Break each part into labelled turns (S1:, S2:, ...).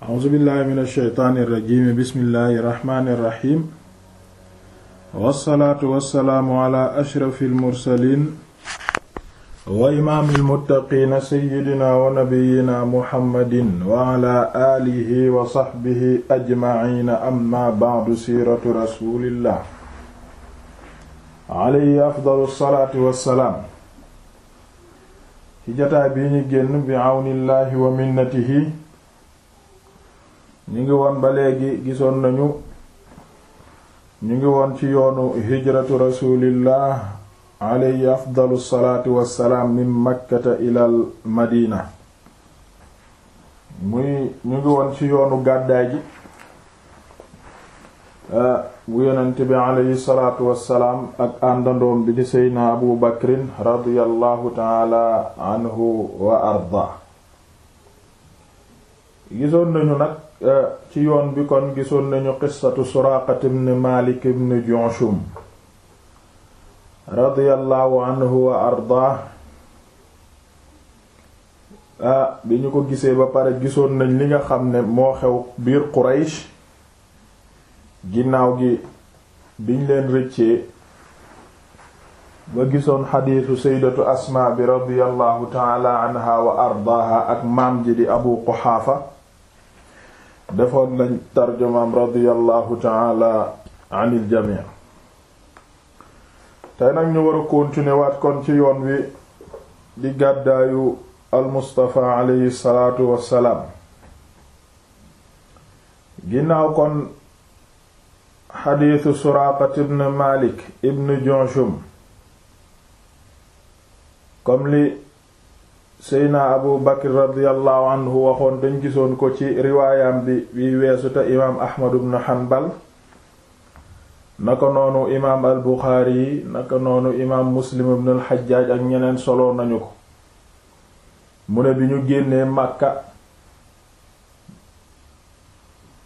S1: a'uuzu billahi min alsheytaani irrajimi bismillahi irrahmani irrahim wassalaatu wassalaamu ala ashrafi almursalin wa imaami almuttaqiina seyidina wa nabiyina muhammadin wa ala aalihi wa saxbihi ajmaciina amma bacdu siiratu rasulillah alayhi afdalu salaati wassalaam ci jotaay bii ñu génn bi awnillahi wa minnatihi ñu ngi woon ba léegi gisoon nañu ñu ngi woon ci yoonu hijratu rasulillah alayhi afdalu salaati wassalaam min makkata ilal madina muy ñu ngi woon ci yoonu gàddaay ji ah, bu yonent bi alayhi salaatu wassalaam ak àndandoom bi di seydna abu bakrin radiyallahu taala anhu wa arda gisoon nañu nag Eh, ci yoon bi kon gisoon nañu qissatu suraaqa ibn maalik ibn junshum radiyallahu anhu wa ardaah eh, bi ñu ko gisee ba pare gisoon nañ li nga xam ne moo xew biir quraysh ginnaaw gi biñ leen rëccee ba gisoon xadiisu saydatu asmaa bi radiyallahu taala anha wa ardaaha ak maam ji di abu quxaafa defoon nañ tarjumaam radiyallahu taala anil jamii tey nag ñu wara a continuer kon ci yoon wi di gàddaayu al mustafa alayhi salaatu wassalaam ginnaaw kon xadiisu suraakat ibn malik ibn jonshum comme li seydna abu bakr radiallahu anhu waxoon dañ gisoon ko ci riwaayam bi bi weesu te imaam ahmad ibn hanbal naka noonu imaam al buxaari yi naka noonu imaam muslim ibn al xajjaaj ak ñeneen solo nañu ko mu ne bi ñu génnee màkka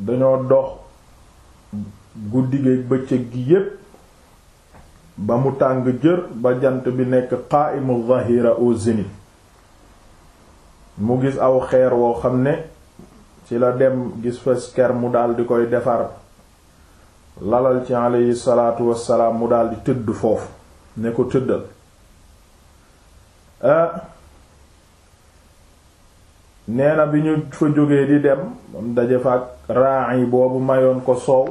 S1: dañoo dox guddi géeg bëccëg gi yépp ba mu tàng jër ba jant bi nekk qaaimu zahira au mu gis aw xeer woo xam ne ci la dem gis fasker mu daldi koy defar lalal ci aleyhi salaatu wassalaam mu dal di tëdd foofu ne ko tëddal ah, nee bi ñu fa jógee di dem bam daje fa ak ra'i boobu mayoon ko soow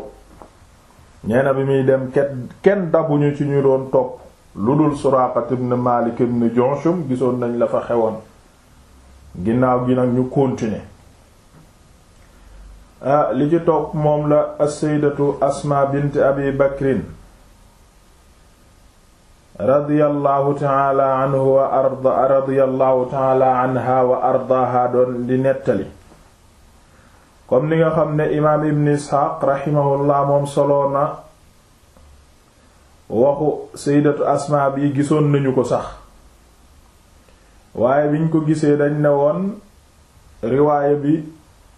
S1: nee bi muy dem kenn kenn dabuñu ci ñu doon topp lu dul Suraaqa ibn Maalik ibn Jushum gisoon nañ la fa xewoon ginnaaw gi nag ñu continuer ah li ci topp moom la as-sayyidatu asma bint abi bakrin radiyallahu taala wa ardaaha doon di nettali comme li nga xam ne imaam ibn isxaaq raximahullah moom soloona waxu saydatu asmaa bi gisoon nañu ko sax waaye biñ ko gisee dañ ne woon riwaaya bi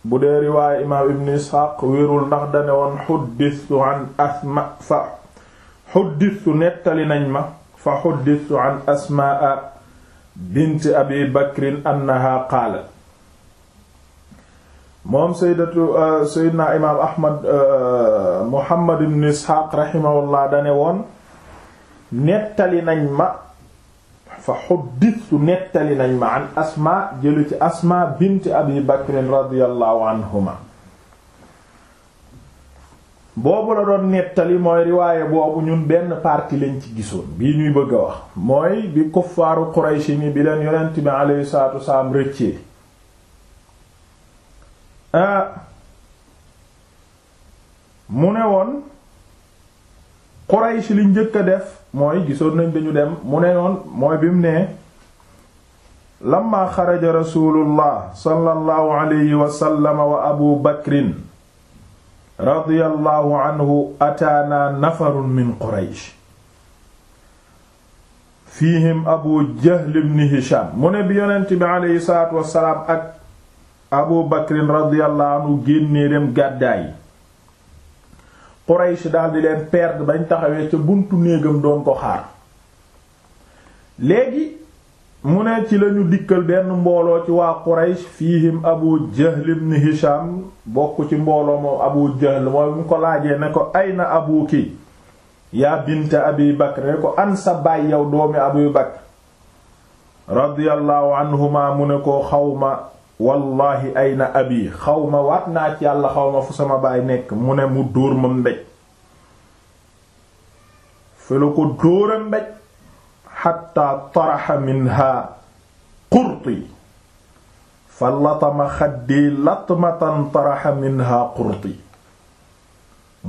S1: bu dee riwaaya imaam ibn isxaaq wérul ndax dane woon xuddistu an asma fa xuddistu nettali nañ ma fa xuddistu an asmaa bint abi bakrin annaha qaalat moom saydatu saydna imaam ahmad muhammad ibn isxaaq raximahullah dane woon nettali nañ ma fa xuddistu nettali nañ ma an asma jële ci asma bint abi bakrin radiallahu anhuma boobu la doon nettali mooy riwaaye boobu ñun benn partie lañ ci gisoon bi ñuy bëgg a wax mooy bi kuffaaru qurayshi ni bi leen yonent bi alayhi salaatu wasalaam rëccee ah, mu ne woon qurayshi li njëkk a def mooy gisoon nañ dañu dem mu ne noon mooy bi mu nee lamma xaraja rasulullah sallallahu abu bakrin radiyallahu anhu ataana nafarun min quraysh fiihim abu jahl ibn hisham mu ne bi yonent bi aleyhi salaatu wasalaam ak abu bakrin radiyallahu anhu génnee gàddaay Quraysh daal di leen perdre bañ taxawee ca buntu néegam doon ko xaar léegi mu ne ci lañu dikkal benn mbooloo ci waa Quraysh fiihim Abu Jahl ibn Hisham bokk ci mbooloo moom Abu Jahl mooy mu ko laajee ne ko ay ayna abuki yaa bint Abi Bakr ne ko an sa baay yow doomi Abu Bakr radiyallahu anhuma mu ne ko xawma wallahi ay na abi xaw ma waat naa ci yàlla xaw ma fu sama baay nekk mu ne mu dóor ma mbéj fi la ko dóora mbéj xatta taraxa minha qurti fa latama xaddi latmatan taraxa minha qurti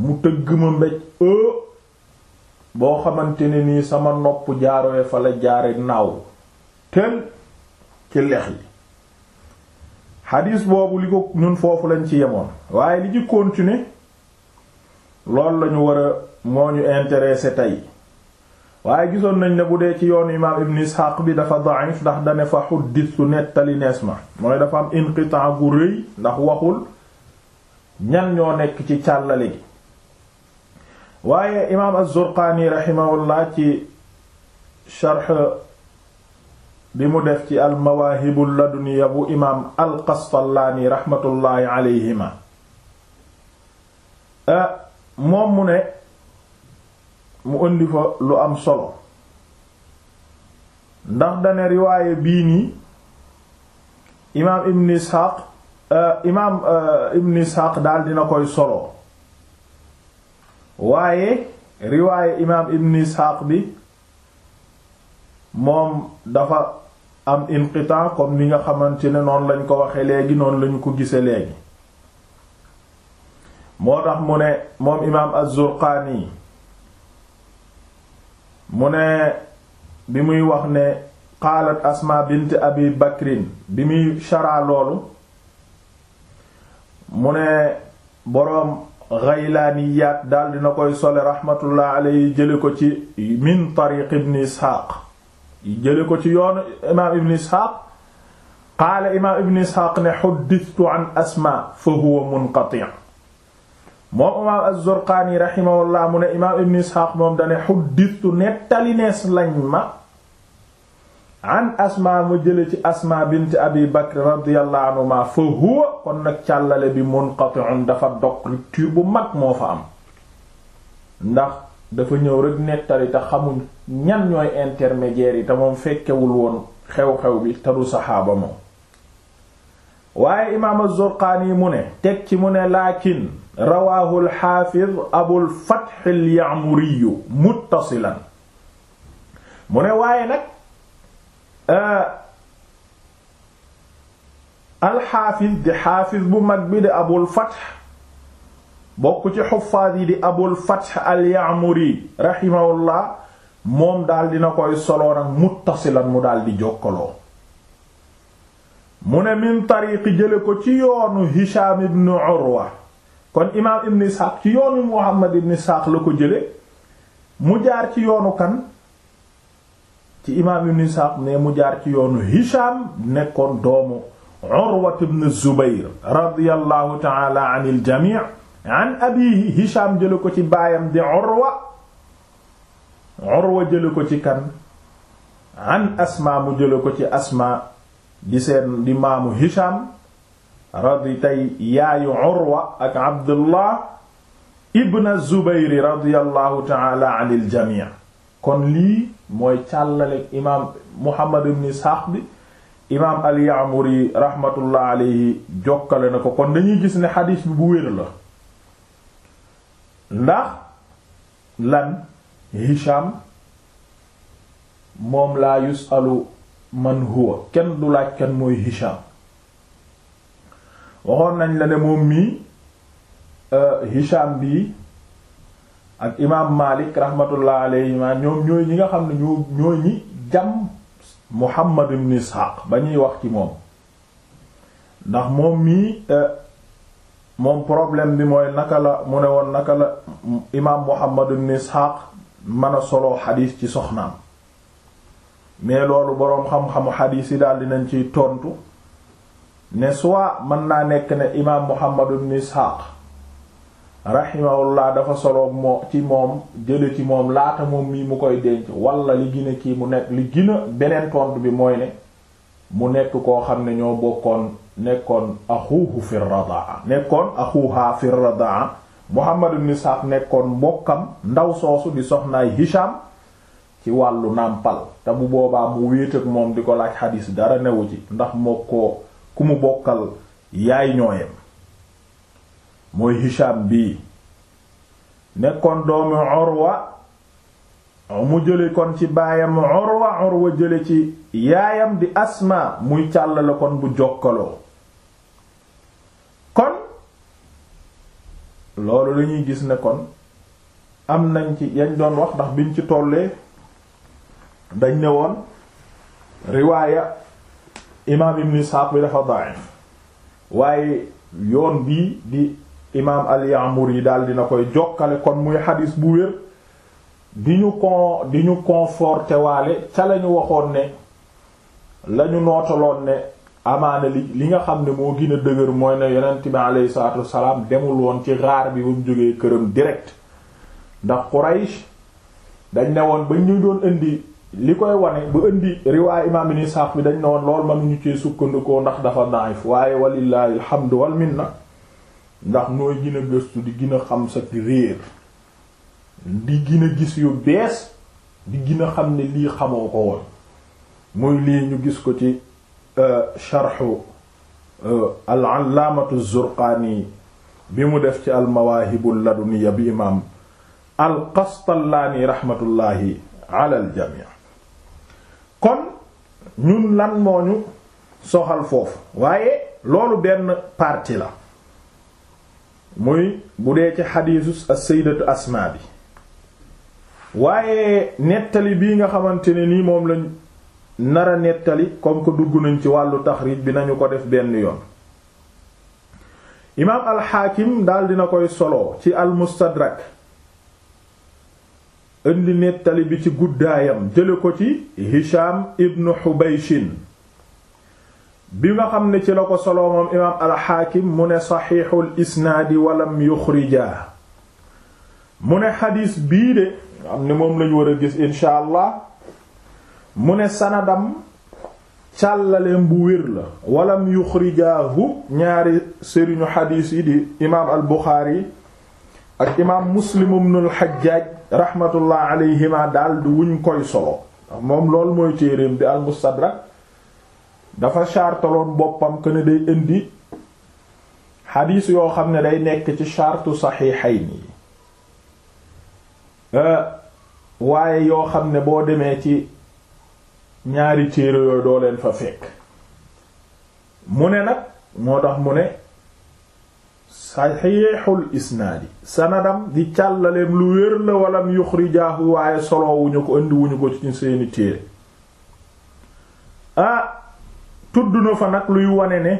S1: mu tëgg ma mbéj oo boo xamante nii sama nopp jaarowee fa la jaare naaw tën ci lex yi xadiis boobu li ko ñun foofu lañ ci yemoon waaye li ci continuer loolu lañu war a moo ñu intéressé tey waaye gisoon nañ ne bu dee ci yoon imaam ibn isxaaq bi dafa da'if ndax dane fa xuddisu nettali nees ma mooy dafa am inqitaa gu rëy ndax waxul ñan ñoo nekk ci càllale gi waaye imaam az-Zurqaani ci sharh bi mu def ci al mawaahibul laduniya bu imaam al qastallaani raxmatullaahi alayhima eh, moom mu ne mu indi fa lu am solo ndax dane riwaaye bii nii imaam ibn isxaaq eh, imaam eh, ibn isxaaq daal dina koy solo waaye riwaaye imaam ibn isxaaq bi moom dafa am inqitaa li nga xamante ne noonu lañ ko waxe léegi noonu lañu ko gise léegi moo tax mu ne moom imaam az-Zurqaani mu ne bi muy wax ne qaalat Asmaa bint Abi Bakrin bi muy sharaa loolu mu ne boroom Ghaylaaniyaat daldi na koy sole raxmatullah yi jële ko ci min tariq ibn Isxaaq jële ko ci yoonu imaam ibn isxaaq qaala imaam ibn isxaaq ne xuddistu an asma fa huwa munqati moom imaam az-zurqaani raximahullah mu ne imaam ibn isxaaq moom dane xuddistu nettali nees lañ ma an asma mu jële ci asma bint abi bakr radiyallahu anhuma fa huwa kon nag càllale bi munqati'un dafa dog rupture bu mag moo fa am ndax dafa ñëw rek nettali te xamuñ ñan ñooy intermédiaires yi te moom fekkewul woon xew-xew bi te du saxaaba moom waaye imaam az mu ne teg ci mu ne laakin rawaahu al-Haafiz Abul Fath al-Ya'muri muttasilan mu ne waaye nag euh, al-Haafiz di Haafiz bu mag bi di Abul Fath bokk ci xuffaat yi di abul fath al ya'muri rahimahullah moom daal dina koy soloo nag muttasilan mu daal di jokkaloo mu ne min tariqi jële ko ci yoonu hisham ibn urwa kon imaam ibn isxaaq ci yoonu muhammad ibn isxaaq la ko jële mu jaar ci yoonu kan ci imaam ibn isxaaq ne mu jaar ci yoonu hisham nekkoon doomu urwa ibn zubayr radiyallahu ta'ala anil jami' an abihi hisham jële ko ci baayam di urwa urwa jële ko ci kan an asma mu jële ko ci asma di seen di maamu hisham radi tey yaayu ak abdullah ibn zubayri radiallahu taala an il jamii kon lii mooy càllale imaam muhammad ibn isxaaq bi imaam al yaamuri rahmatullah jokkale na ko kon dañuy gis ne xadiis bi bu wér la ndax lan Hisham moom laa yusalu man huwa kenn du laaj kan mooy Hisham waxoon nañ la ne moom mii euh, Hisham bii ak imaam Malik rahmatullah alayhi ma ñoom ñooy ñi nga xam ne ñoo ñooy ñi jam Muhammad Ishaq ba ñuy wax ci moom ndax moom mii euh, moom problème bi mooy naka la mu ne woon naka la imaam Muhammad ibn Ishaq mën a soloo xadiis ci soxnaam mais loolu boroom xam-xamu xadiis yi daal dinañ ciy tontu ne soit mën naa nekk ne imaam Muhammad ibn Ishaq laa dafa soloo moo ci moom jële ci moom laata moom mii mu koy denc walla li gina kii mu nekk li gina beneen tontu bi mooy ne mu nekk koo xam ne ñoo bokkoon nekkoon axuhu fi radaa nekkoon axuha fi radaa Muhammad ibn nekkoon mbokkam ndaw soosu di soxnaay Hisham ci wàllu nàmpal te bu boobaa mu wéet moom di ko laaj xadiis dara newu ci ndax moo ko ku mu bokkal yaay ñooyem mooy Hisham bii nekkoon doomu Urwa mu jële kon ci baayam Urwa Urwa jële ci yaayam di Asma muy càll kon bu jokkaloo kon loolu lañuy gis ne kon am nañ ci yañ doon wax ndax biñ ci tollee dañ ne woon riwaaya imaam ibn Isxaaq bi dafa da'if waaye yoon bii di imaam al-Ya'muri yi daal dina koy jokkale kon muy xadis bu wér di ñu kon ñu conforté waale ca lañu waxoon ne lañu nootaloon ne amaane li li nga xam ne moo gin a dëgër mooy ne yonent bi aleyhi salaatu wasalaam demul woon ci xaar bi ba mu jógee këram direct ndax Quraysh dañ ne woon ba ñu doon indi li koy wane ba indi riwaay imaam ibn Isaaq bi dañ ne woon lool mënuñu cee sukkandikoo ndax dafa daif waaye walillaahi alhamdu wal minna ndax nooy gën a gëstu di gën a xam sa réer di gin a gis yu bees di gën a xam ne lii xamoo ko woon muy lii ñu gis ko ci euh, sharxu euh, al-allaamatu zurqaani bi mu def ci al-mawaahibu laduniya bi imaam al-qastallaani raxmatullaahi ala al-jamii kon ñun lan moo ñu soxal foofu waaye loolu benn partie la muy bu dee ci xadiisu as-sayyidatu asmaa bi waaye nettali bii nga xamante ni nii moom lañ nara nettali comme que dugg nañ ci wàllu taxrij bi nañu ko def benn yoon imaam alxaakim daldi na koy solo ci almustadrak indi nettali bi ci guddaayam jële ko ci hisham ibnu xubayshin bi nga xam ne ci la ko solo moom imaam alxaakim mu ne saxiixul isnaadi walam yuxrijaa mu ne xadiis bii de am ne moom lañu war a gis insha allah mu ne sanadam càllaleem bu wér la walam yuxrijaahu ñaari sëriñu xadiis yi di imaam al buxaari ak imaam muslim ibnul xajjaaj raxmatullah alayhima daal di wuñ koy solo ndax moom loolu mooy téereem bi al mustadrak dafa chartaloon boppam que ne day indi xadiis yoo xam ne day nekk ci chartu saxiixayni Euh, waaye yoo xam ne boo demee ci ñaari téere doo leen fa fekk mu ne nag moo tax mu ne saxiixul isnaadi sanadam di càllaleem lu wér la walam yuxrijaahu waaye solowuñu ko indiwuñu ko ci seeni téere ah tudd na fa nag luy wane ne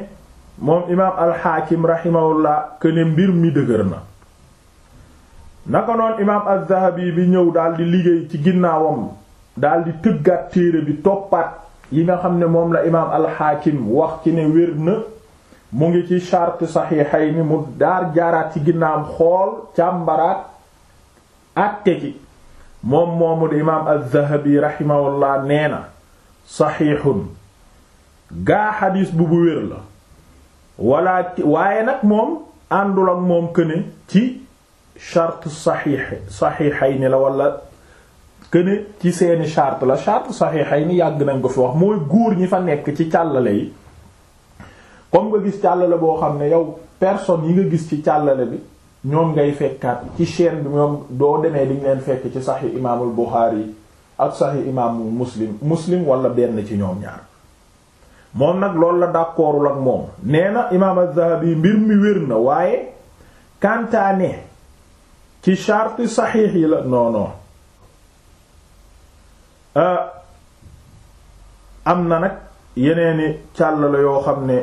S1: moom imaam alxaakim raximahullah këne mbir mi dëgër na naka noon imaam az bi ñëw daal liggéey ci ginnaawam daldi di tëggaat téere bi toppaat yi nga xam ne moom la imaam al-Hakim wax ci ne wér na mu ngi ci charte Sahihayni mu daar jaaraat ci ginnaawam xool càmbaraat àtte ci moom moomu di imaam az-Zahabi rahimahullah nee na saxiixun gaa xadiis bu bu wér la wala waaye nag moom àndul ak moom këne ci charte saxiix saxiixayni la wala këne ci seeni charte la charte saxiixayni yàgg nañ ko fi wax mooy góor ñi fa nekk ci càllale yi comme nga gis càllale boo xam ne yow personne yi nga gis ci càllale bi ñoom ngay fekkaat ci chaîne bi ñoom doo demee diñ leen fekk ci saxi imaamul Buxaari ak saxi imaamu muslim muslim wala benn ci ñoom ñaar moom nag loolu la d'accordul ak moom nee na imaam az-Zahabi mbir mi wér na waaye kantaane ci charte saxiix yi la non euh, am na nag yeneeni càll la yoo xam ne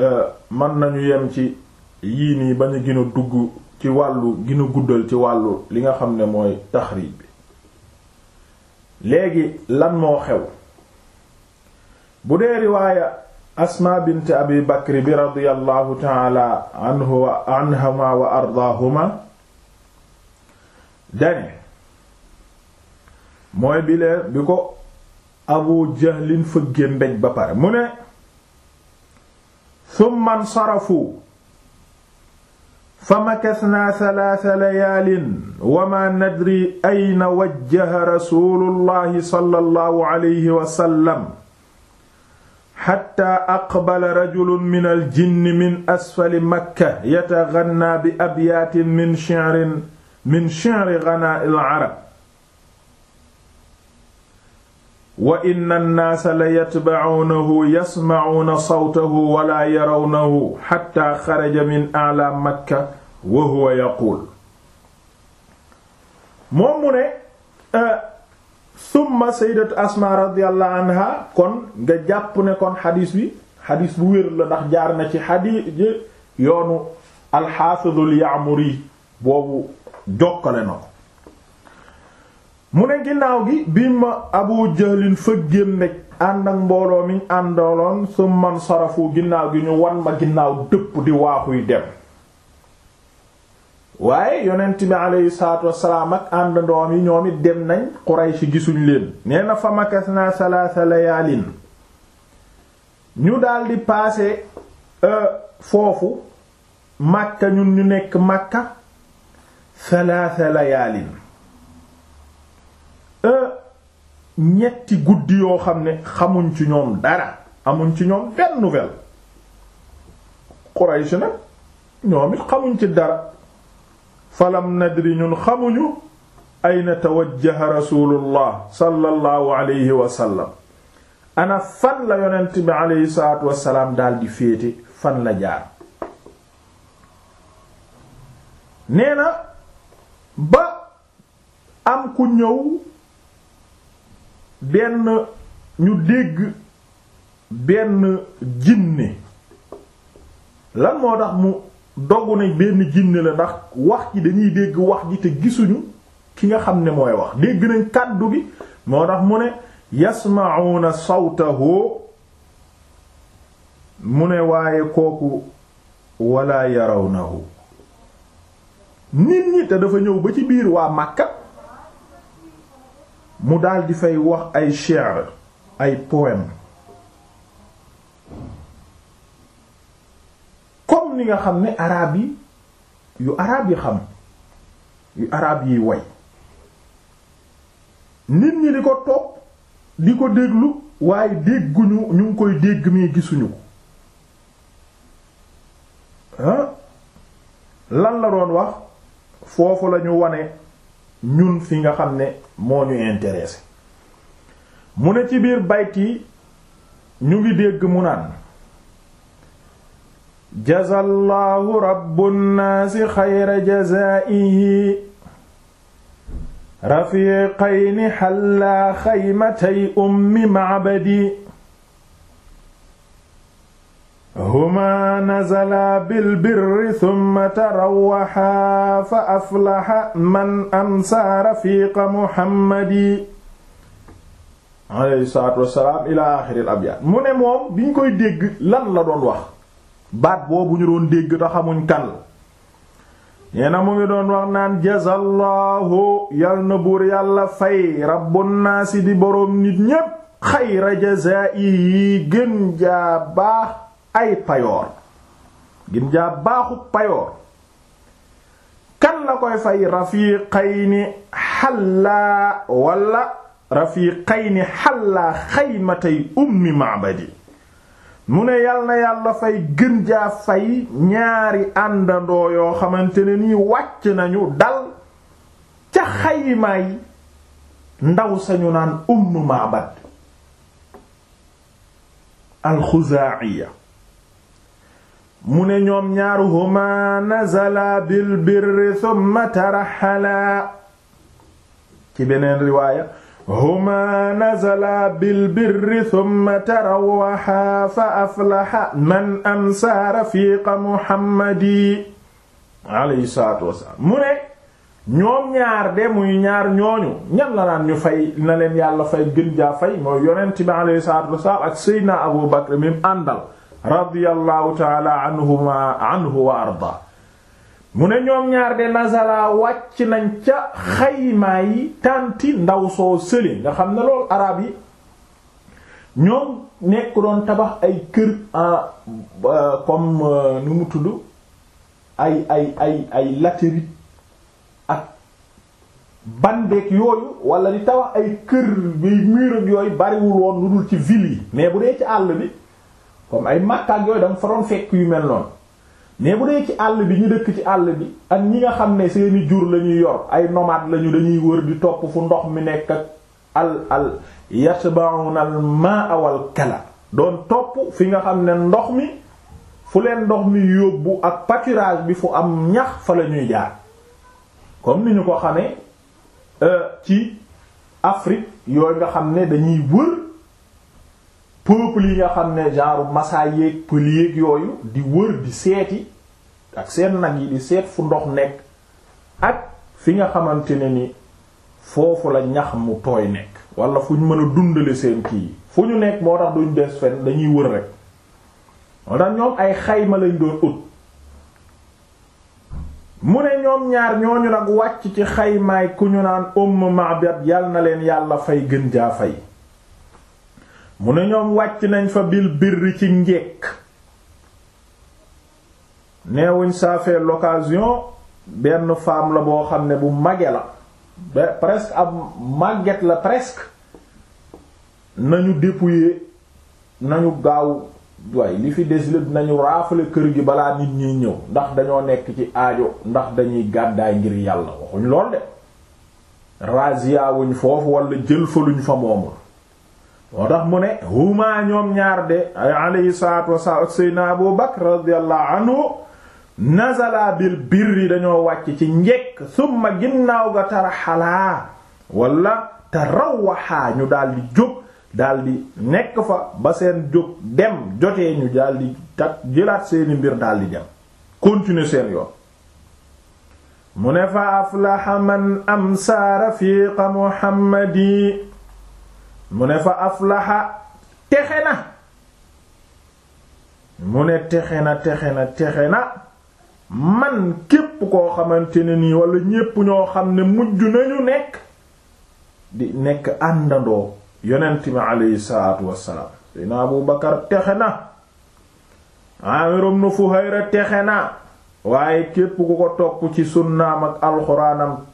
S1: euh, mën nañu yem ci yii nii ba ñu gën dugg ci wàllu gën guddal ci wàllu li nga xam ne mooy taxriij bi léegi lan moo xew bu dee riwaaya asma bint abi bakri bi radiyallahu taala anhu wa anhuma wa dane mooy bi lee bi ko abu jahlin fëggee mbej ba pare mu ne summan sarafu fa makasnaa salaasa layaalin wa ma nadri ayna wajjaha rasuulullahi sallallahu alayhi wa sallam xatta aqbala rajulun min aljinni min asfali makka yataganna bi abyaatin min shi'rin min shi'ri ghana'il arab wa inna annaasa la yatba'uunahu yasma'uuna sawtahu wala yarawnahu xatta xaraja min a'laa makka wa huwa yaquul moom mu ne summa euh, sayyidat asma radiyallahu anha kon nga jàpp ne kon xadiis bi xadiis bu wér la ndax jaar na ci xadiis yoonu alxaafidul yaamuri boobu jokkale na ko mu ne ginnaaw gi bi ma abu jahlin fëggéem nekk ànd ak mbooloo mi àndaloon su man sarafu ginnaaw gi ñu wan ma ginnaaw dëpp di waaxuy dem waaye yonent bi aleyhi salaatu wassalaam ak àndandoom yi ñoom it dem nañ Quraysh gisuñ leen nee na fa makas naa salaasa layaalin ñu daldi paase euh, foofu Makka ñun ñu nekk Makka thalatha layaalin euh, ñetti guddi yoo xam ne xamuñ ci ñoom dara amuñ ci ñoom benn nouvelle Quraysh nag ñoom it xamuñ ci dara falam nadri ñun xamuñu ayna tawajjaha rasulullah sallallahu alayhi wa sallam ana fan la yonent bi alayhi salaatu wassalaam daal di féete fan la jaar nee na ba am ku ñëw benn ñu dégg benn jinne lan moo tax mu dogg nañ benn jinne la ndax wax ji dañuy dégg wax ji te gisuñu ki nga xam ne mooy wax dégg nañ kàddu gi moo tax mu ne yasma'una sawtahu mu ne waaye kooku wala yarawnahu nit ñi te dafa ñëw ba ci biir waa Makka mu daldi fay wax ay shi'r ay poème comme ni nga xam ne araab yi yu araab yi xam yu araab yiy way nit ñi di ko topp di ko déglu waaye dégguñu ñu ngi koy dégg mi gisuñu ko lan la doon wax foofu la ñu wane ñun fi nga xam ne moo ñu intéressé mu ne ci biir bayt yi ñu ngi dégg mu naan jazallahu rabbun naasi xayra jazaihi rafiqayni xallaa xaymatay ummi maabadi huma nazala bil birri thumma tarawwaxa fa aflaxa man amsa rafiqa muhammadi mu ne moom bi ñu koy dégg lan la doon wax baat boobu ñu doon dégg te xamuñ kan nee na mu ngi doon wax naan jazallahu yal na buur yàlla fay rabbun naasi di boroom nit ñépp xayra jazaa'ihi gën jaa baax ay payoor gin jaa baaxu payoor kan la koy fay rafiqayni xallaa wala rafiqayni xallaa xaymatay ummi maabadi mu ne yàlla yàlla fay gën jaa fay ñaari àndandoo yoo xamante ne nii wàcc nañu dal ca xaymaay ndaw sañu naan umm maabad alxuzaa'iya mu ne ñoom ñaaru huma nazala bil birri thumma taraxalaa ci beneen riwaaya huma nazala bil birri thumma tarawaxaa fa aflaxa man amsa rafiqa muhammadi alayhi salaatu wasalaam mu ne ñoom ñaar de muy ñaar ñooñu ñan la naan ñu fay na leen yàlla fay gën jaa fay mooy yonent bi alayhi salaatu wasalaam ak seydina abu bakr mi àndal radiyallahu taala anhuma anhu wa mu ne ñoom ñaar de nazala wàcc nañ ca xaymaa yi tànti ndaw soo sële nga xam ne loolu arab yi ñoom nekk doon tabax ay kër ah, comme euh, nu mu tudd ay ay ay ay latérite ak bandeek yooyu wala di tabax ay kër bi mur ak yooyu bariwul woon lu dul ci ville yi mais bu dee ci àll bi comme ay Makka yooyu da nga fa doon fekk yu mel noonu mais bu dee ci àll bi ñu dëkk ci àll bi ak ñi nga xam ne seeni jur la ñuy yor ay nomades lañu dañuy wër di topp fu ndox mi nekk ak al al yatba'una ma awal wal kala doon topp fi nga xam ne ndox mi fu leen ndox mi yóbbu ak pâturage bi fu am ñax fa la ñuy jaar comme ni ñu ko xamee euh, ci Afrique yooyu nga xam ne dañuy wër peuple yi nga xam ne jaaru massa yeeg pël yeeg yooyu di wër di seeti ak seen nag yi di seet fu ndox nekk ak fi nga xamante ne ni foofu la ñax mu tooy nekk wala fu mën a dundale seen kii fu ñu nekk moo tax duñ des fen dañuy wër rek moo tax ñoom ay xayma lañ doon ut mu ne ñoom ñaar ñooñu nag wàcc ci xaymaay ku ñu naan Umm Ma'bad yal na leen yàlla fay gën jaa fay mu ne ñoom wàcc nañ fa bil birri ci njekk neewuñ ça fait l'occasion benn femme la boo xam ne bu mage la ba presque ab màgget la presque nañu dépouiller nañu gaaw waaye li fi des lépp nañu raafale kër gi balaa nit ñi ñëw ndax dañoo nekk ci aajo ndax dañuy gàddaay ngir yàlla waxuñ lool de razia wuñ foofu wala jël fa fa moomul moo tax mu ne huma ñoom ñaar de alayhi salaatu wasalaam ak seydna abu bakr radiyallahu anhu birri dañoo wàcc ci njekk summa ginnaaw ga taraxalaa wala tarawaxaa ñu daldi jóg daldi nekk fa ba seen jóg dem jotee ñu daldi tat jëlaat seeni mbir daldi dem continuer seen yoon mu ne fa aflaha man amsa rafiqa muhammadi mu ne fa aflaxa texe na mu ne texe na texe na texe na man képp koo xamante ne nii wala ñépp ñoo xam ne mujj nañu nekk di nekk àndandoo yonent mi aleyhi salaatu wassalaam dina Abu Bakar texe na Aamir ibn Fuhayra texe na waaye képp ku ko topp ci sunnaam ak alxuraanam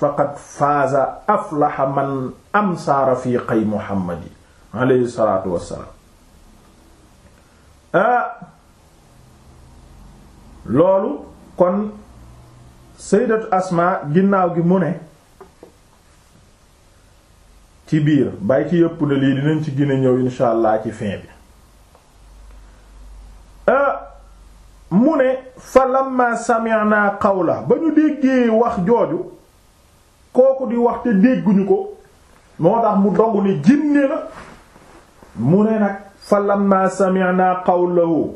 S1: faqad faaza aflaha man amsa rafiqay muhammadi alayhi salaatu wassalaam ah loolu kon saydatu asma ginnaaw gi mu ne ci biir bàyyi ci yëpp na lii dinañ ci gën ñëw insha allah ci fin bi ah, mu ne fa lamma sami'na qawla ba ñu déggee wax jooju kooku di wax te dégguñu ko moo tax mu dong ne jinne mu ne nag fa lamma sami'na qawlahu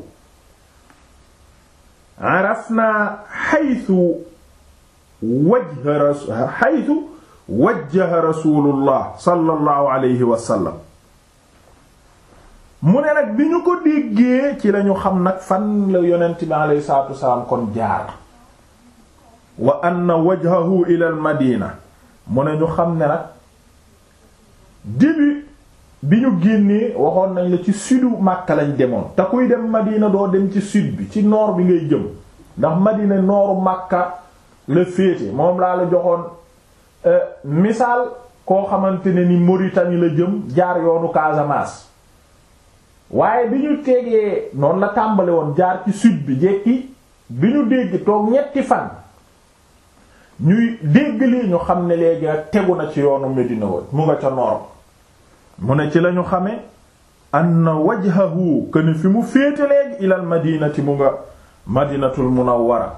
S1: arafna xaytu wajha rasul xaytu wajjaha rasulullah sallallahu mu ne nag bi ñu ko déggee ci lañu xam nag fan la yonent bi alayhi salaatu wasalaam kon jaar wa anna wajhahu ila al madina mu ne ñu xam ne nag début bi ñu génnee waxoon nañ la ci sudu Makka lañ demoon te kuy dem Madina doo dem ci sud bi ci noor bi ngay jëm ndax Madina nooru màkka la féete moom laa la joxoon euh, misaal koo xamante ne ni Mauritanie la jëm jaar yoonu kaasamaas waaye bi ñu tegee noonu la tàmbale woon jaar ci sud bi jekki bi ñu dégg toog ñetti fan ñuy dégg lii ñu xam ne léegi nag tegu na ci yoonu Medina wa mu nga ca noor mu ne ci lañu ñu xamee anna wajhahu këni fi mu féete léegi ilal madinati mu nga madinatul munawwara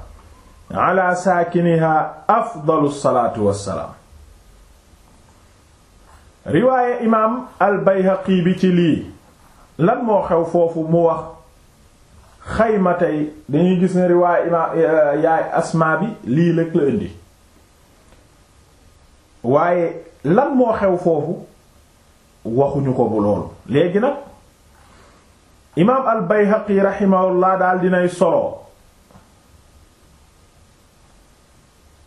S1: ala saakiniha afdalu salaatu wassalaam riwaaye imaam al bayhaqi bi ci lii lan moo xew foofu mu wax xayma tey dañuy gis ne riwaaye imaam eh, yaay asmaa bi lii lekk la indi waaye lan moo xew foofu waxuñu ko bu loolu léegi na imaam al bayhaqi rahimahullah daal dinay solo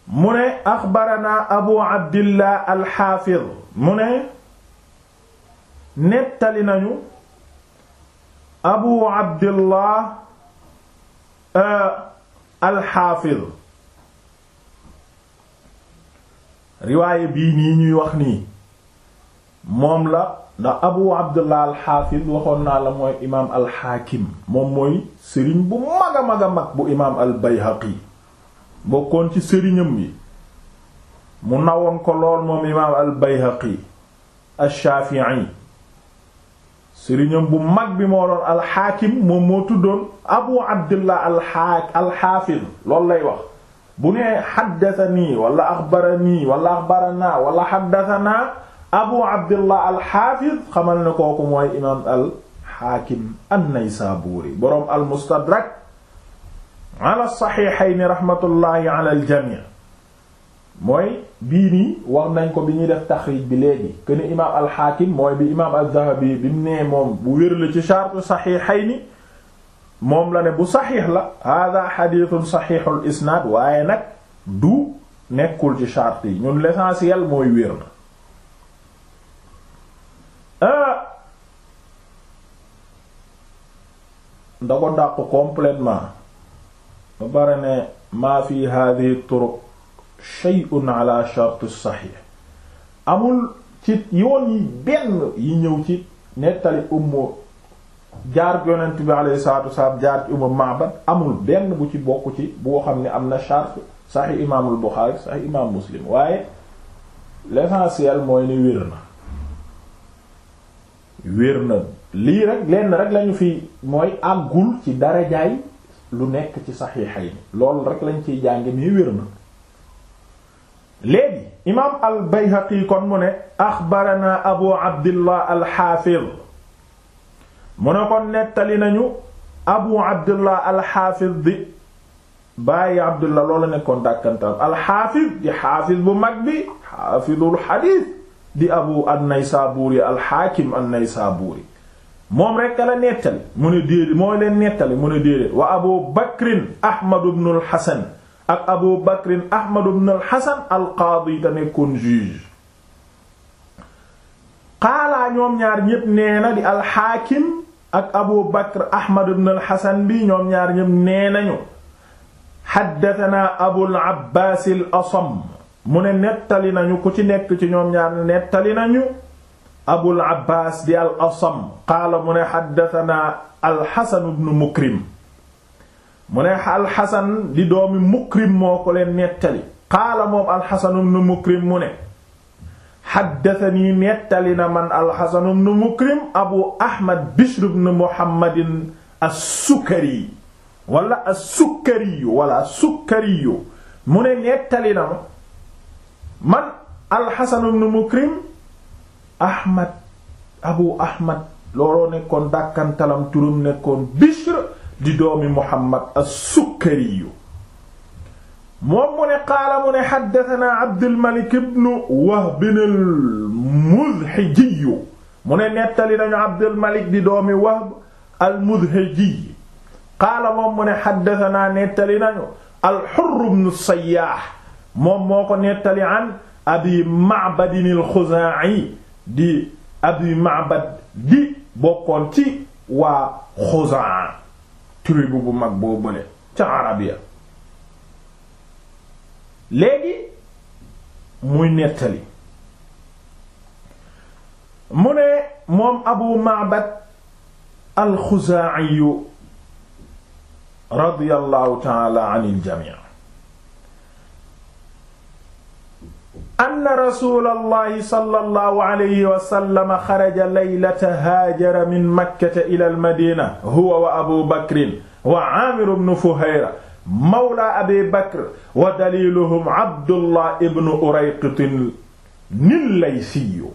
S1: mu ne axbarana abu abdillah al xaafid mu ne nettali nañu abu abdillah euh, al xaafid riwaaye bii nii ñuy wax nii moom la ndax abu abdullah alxaafid waxoon naa la mooy imaam alxaakim moom mooy sëriñ bu mag a mag a mag bu imaam albayhaqi bokkoon ci sëriñam yi mu nawoon ko lool moom imaam albayhaqi alshafii sëriñam bu mag bi moo doon alxaakim moom moo tuddoon abu abdullah alxaafid loolu lay wax bu nee xaddatanii wala axbaranii wala axbaranaa wala xaddatanaa abu abdillah alxaafiz xamal ne kooku mooy imaam alxaakim an-naysaabuuri boroom almustadrak ala saxiixayni raxmatullahi ala aljamii mooy bii nii wax nañ ko bi ñuy def taxriij bi léegi kuene imaam alxaakim mooy bi imaam aldahabi bi mu nee moom bu wér la ci chartu saxiixayni moom la ne bu saxiix la hada xadiisun saxiixul isnaad waaye nag du nekkul ci charte yi ñun l'essentiel mooy wér na ah! da ko dàq complètement ba bare ne maa fi hadihi turuq shay'un amul ci yoon yi benn yi ñëw ci nettali ummu jaar yonent bi alayhi salaatu wasalaam jaar ci umma Ma'bad amul benn bu ci bokk ci boo xam ni am na charte saxi imaamul Buxaari saxi imaam Muslim waaye l'essentiel mooy ni wér na wér na lii rek lenn rek lañu fi mooy àggul ci darajaay lu nekk ci saxiixay ni loolu rek lañ ciy jànge nii wér na léegi imaam al Bayhaqi kon mu ne axbarana abu abdillah al xaafiz mu ne nettali nañu abu abdullah alxaafiz di bàyyi abdullah loola nekkoon dàkkantaam alxaafiz di xaafiz bu mag bi xaafizul xadiis di abu an-naysaabuuri alxaakim an-naysaabuuri moom rekk nettali mu ne déedéet mooy leen nettali mu ne wa abu bakrin ahmadu bnul xasan ak abu bakrin ahmadu bnul xasan alqaadi te nekkoon juge xaalaa ñoom ñaar ñépp nee di alxaakim ak abu bakr ahmad ibn alxasan bi ñoom ñaar ñëpp nee nañu xaddatanaa abul abbaas al asam mu ne nettali nañu ku ci nekk ci ñoom ñaar nettali nañu abul abbaas di al asam qaala mu ne xaddatanaa alxasan ibn mukrim mu ne alxasan di doomi mukrim moo ko leen nettali qaala moom alxasan ibn mukrim mu ne xaddatani nettali na man alxasanu bnu mukrim abu ahmad bishr bnu muhammadin as-sukkari wala as-sukkari wala sukkari mu ne nettali na ma man alxasanu bnu mukrim ahmad abu ahmad looloo nekkoon dàkkantalam turam nekkoon bishr di doomi muhammad as-sukkari moom mu ne qaala mu ne xaddatanaa abdulmalik ibnu wahbin almudhijiyu mu ne nettali nañu abdulmalik di doomi wahb almudhiji qaala moom mu ne xaddatanaa nettali nañu alxurr bnu sayaax moom moo ko nettali an abi macbadin alxuzaaci di abi macbad di bokkoon ci waa xuzaa tribu bu mag boo bële ca arabiya léegi muy nettali mu ne moom abu ma'bad alxuzaa'iyu radiyallahu ta'ala anil jamii anna rasulallahi sallallahu alayhi wa sallam xaraja laylata haajara min makkata ilal madina huwa wa abu bakrin wa aamir ibn fuhayra mawla abi bakr wa daliluhum abdullah ibnu urayqitin nil lay siiyu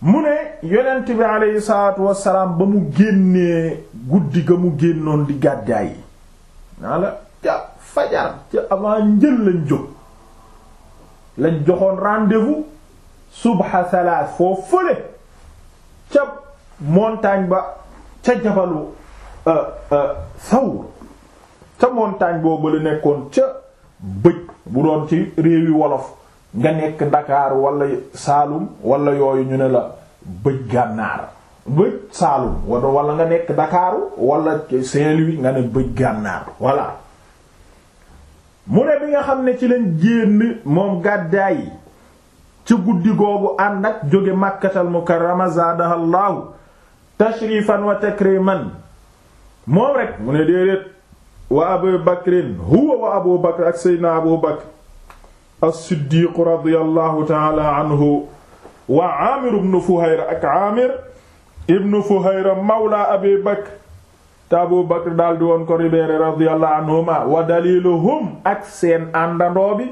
S1: mu ne yonent bi aleyhi salaatu wasalaam ba mu génnee guddi ga mu génnoon di gàddaay yi naa ca fajar ca avant njël lañ jóg lañ joxoon rendez subha salaas foo fële ca montagne ba ca jabalu euh, euh, thawr ca montagne boobu la nekkoon ca bëj bu doon ci réewi wolof nga nekk Dakar walla Saalum wala yooyu ñu ne la bëj gànnaar bëj Saalum wala nga nekk Dakaaru walla Saint-Louis nga ne bëj gànnaar voilà mu ne bi nga xam ne ci lañ génn moom gàddaay yi ci guddi googu ànd ak jóge Makkatal Mukarrama zaadahallahu tashrifan wa takriman moom rek mu ne déedéet wa abu bakrin huwa wa abu bakr ak seydna abu bakr as-siddiq radiyallahu taala anhu wa aamir ibn fuhayra ak aamir ibn fuhayra mawla abi bakr te abu bakr daal woon ko ribéere radiyallahu anhuma wa daliluhum ak seen àndandoo bi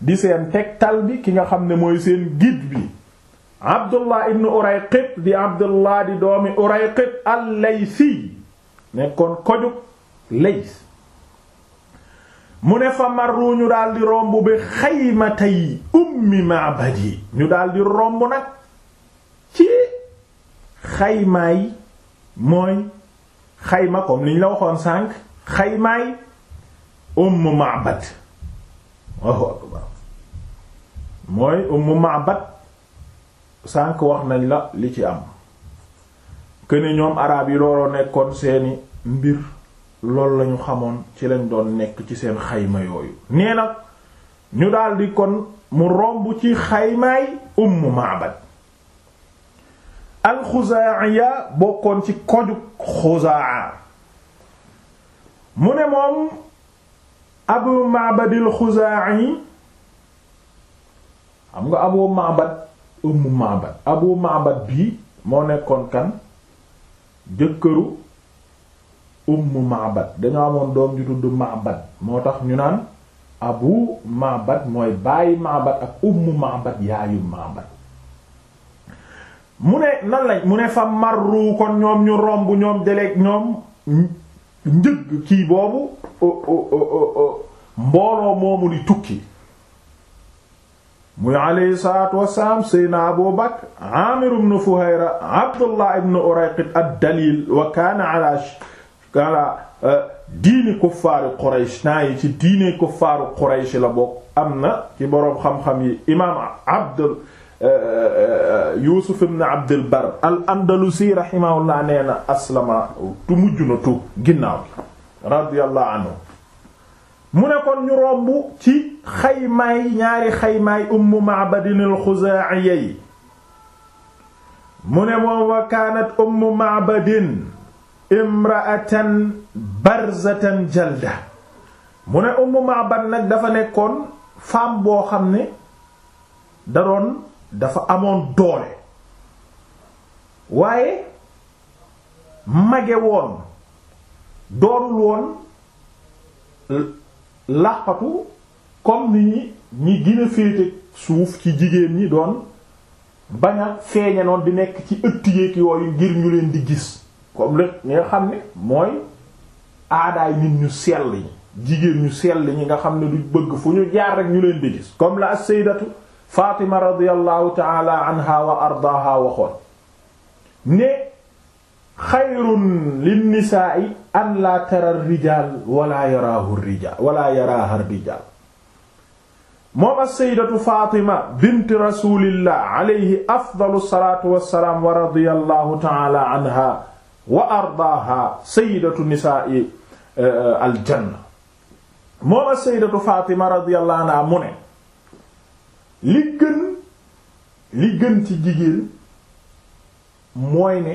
S1: di seen tegtal bi ki nga xam ne mooy seen guide bi abdullah ibn urayqit di abdullah di doomi urayqit al-laysi nekkoon kojug lays mu ne fa marru ñu daal di romb bi tey ummi ma'badi ñu daldi romb nag ci xaymaay mooy xayma comme liñ la waxoon sànq xaymaay umm ma'bad Allahu mooy umm ma'bad sànq wax nañ la li ci am këne ñoom araab yi looloo nekkoon seeni mbir loolu lañu xamoon ci lañ doon nekk ci seen xayma yooyu nee nag ñu daldi kon mu romb ci xaymaay Umm Ma'bad al-Xuzaa'iya bokkoon ci koju Xuzaa mu ne moom Abu Ma'bad al-Xuzaa'i xam nga Abu Ma'bad Umm Ma'bad Abu Ma'bad bii moo nekkoon kan jëkkëru ummu Ma'bad dañoo amoon doom ju tudd Ma'bad moo tax ñu naan abu Ma'bad mooy bàyyi Ma'bad ak ummu Ma'bad yaayu Ma'bad mu ne nan lañ mu ne fa marru kon ñoom ñu romb ñoom deleeg ñoom njëg kii boobu mbooloo moomu li tukki muy alayhi salaatu wassalaam seydna abu bakr amir ibn fuhayra abdullah ibn urayqit ad-dalil wa kaana ala ala euh, diini kuffaaru Quraysh temps yi ci diine kuffaaru Quraysh la bokk am na ci boroom xam-xam yi imaam Abdul euh, euh, Yuusuf ibn Abdul Barr al Andalusi rahimahullah nee na aslama tu mujj na tuub ginnaaw radiyallahu anhu mu ne kon ñu romb ci xaymaay ñaari xaymaay Ummu Ma'badin al-Xuzaa'iya yi mu ne moom wa kaanat Ummu Ma'badin imraatan barzatan jalda mu ne Umm Ma'bad nag dafa nekkoon femme boo xam ne da doon dafa amoon doole waaye mage woon doonul woon làqatu comme ni ñi gën a féete suuf ci jigéen ñi doon ba a feeñe noon di nekk ci ëtt yéeg yooyu ngir ñu leen di gis comme lépp ñi xam ne mooy aadaay nit ñu sell jigéen ñu sell ñi nga xam ne du bëgg fu ñu jaar rek ñu leen di gis la as-sayyidatu Fatima radiyallahu ta'ala anha wa ardaha waxoon ne xayrun linnisaa'i an la tara rijaal wala yaraahu rijaal moom as-sayyidatu Fatima bint rasulillah alayhi afdalu salatu wassalam wa radiyallahu ta'ala anha wa ardaaha sayyidatu nisaa'i aljanna moom sayyidatu Fatima radiyallahu anha mu ne li gën li gën ci jigéen mooy ne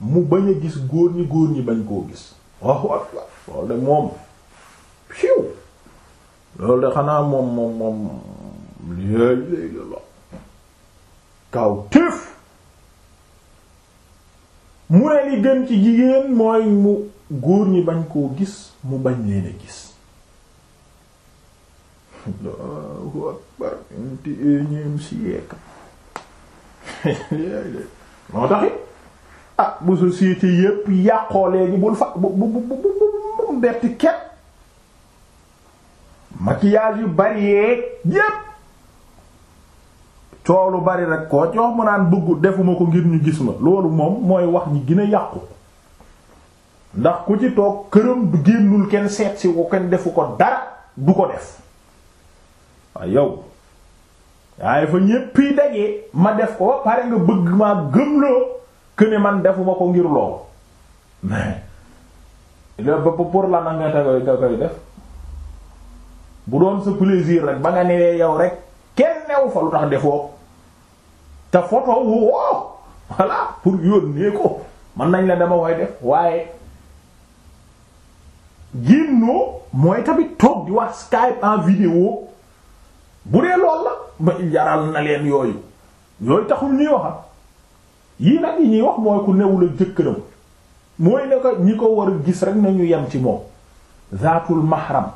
S1: mu bañ a gis góor ñi góor ñi bañ koo gis waaw akbar loolu de moom fiw loolu de xanaa moom moom moom léegi léegi la kaw tëf mu ne li gën ci jigéen mooy mu góor ñi bañ koo gis mu bañ leen a gis Allahu akbar vingt-et-unième siècle moo taxit ah bu société yépp yàqoo léegi bul fa bu bu bu bu bett kenn maquillage yu bari yépp coow lu bari rek koo jox mu naan bëggu defuma ko ngir ñu gis ma loolu moom mooy wax ñi gën a yàqu ndax ku ci toog këram du génnul kenn seet si ko kenn defu ko dara du ko def waaye yow waaye fa ñépp daggee ma def ko pare nga bëgg maa gëmloo que ne man defuma ko ngir loolu mais ba pour la na nga koy def bu doon sa plaisir rek ba nga newee yow rek kenn new fa lu tax defoo te foto wu woo voilà pour yónnee ko mën nañ la dama koy def waaye génnoo mooy tamit toog di wax Skype en vidéo bu dee lool la ma jaral na leen yooyu yooyu taxul ñuy wax yii nag yi ñuy wax mooy ku newul ak jëkkëram mooy ne ñi ko war a gis rek nañu yem ci moom zaatul mahram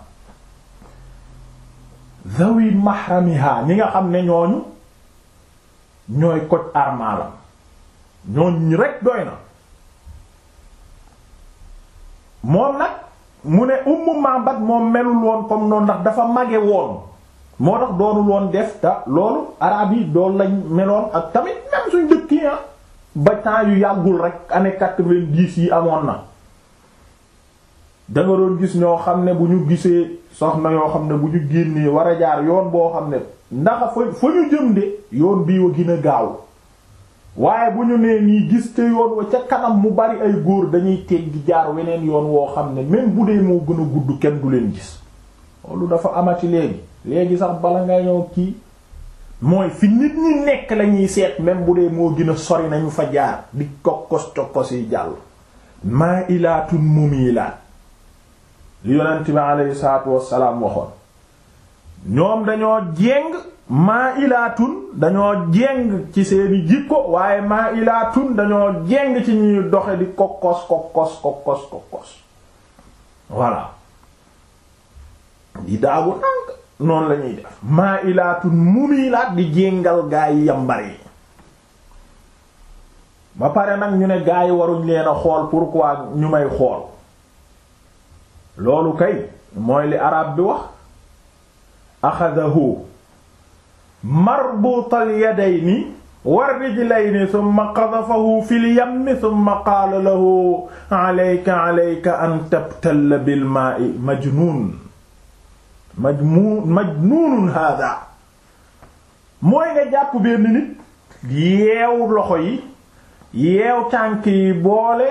S1: zawi mahramiha ñi nga xam ne ñooñu ñooy koj armalam ñooñu rek doy na moom nag mu ne ummu Ma'bad moom melul woon comme noonu ndax dafa mage woon moo tax doonul woon def te loolu arab yi doon lañ meloon ak tamit même suñ dëkk yi ah ba temps yu yàggul rek année quatre vingt yi amoon na danga gis ñoo xam ne bu ñu gisee soxna yoo xam ne bu ñu génnee war a jaar yoon boo xam ne ndax fa fa ñu jëm de yoon bii wa gën a gaaw waaye bu ñu nee nii gis te yoon wa ca kanam mu bari ay góor dañuy teg di jaar weneen yoon woo xam ne même bu dee moo gën a gudd kenn du leen gis loolu dafa amati léegi léegi sax bala nga ñëw kii mooy fi nit ñi nekk lañuy seet même bu dee moo gën a sori nañu fa jaar di kokkos tokkos yi jàll maa ilaatun mumilaat li yonent bi aleyhi salaatu wassalaam waxoon ñoom dañoo jéng maa ilaatun dañoo jéng ci seeni jikko waaye maa ilaatun dañoo jéng ci ñuy doxe di kokkos kokkos kokkos kokkos voilà di daagu nànk noonu lañuy def maa ilaatun mumilaat di jéngal gaa yi yambar yi ba pare nag ñu ne gaa yi waruñ leen a xool pourquoi ñu may xool loolu kay mooy li arab bi wax axadahu marbuutal yadayni wa rijlayni thumma qadafahu fil yammi thumma qaala lahu alayka alayka an tabtalla bil maa'i majnuun majmuun majnuunun haadaa mooy nga jàpp benn nit yeew loxo yi yeew tànk yi boole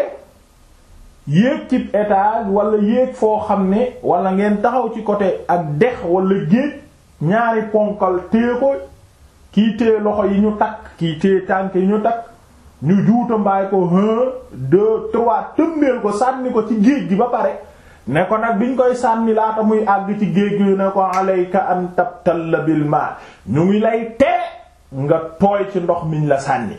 S1: yéeg ci étage walla yéeg foo xam ne walla ngeen taxaw ci côté ak dex walla géej ñaari ponkal téye ko kii téye loxo yi ñu takk kii téye tànk yi ñu takk ñu juuta mbaay ko un deux trois tëmbeel ko sànni ko ci géej gi ba pare ne ko nag biñ koy sànni laata muy àgg ci géej gi ne ko alayka an tabtalla bil ma ñu ngi lay tere nga tooy ci ndox miñ la sànni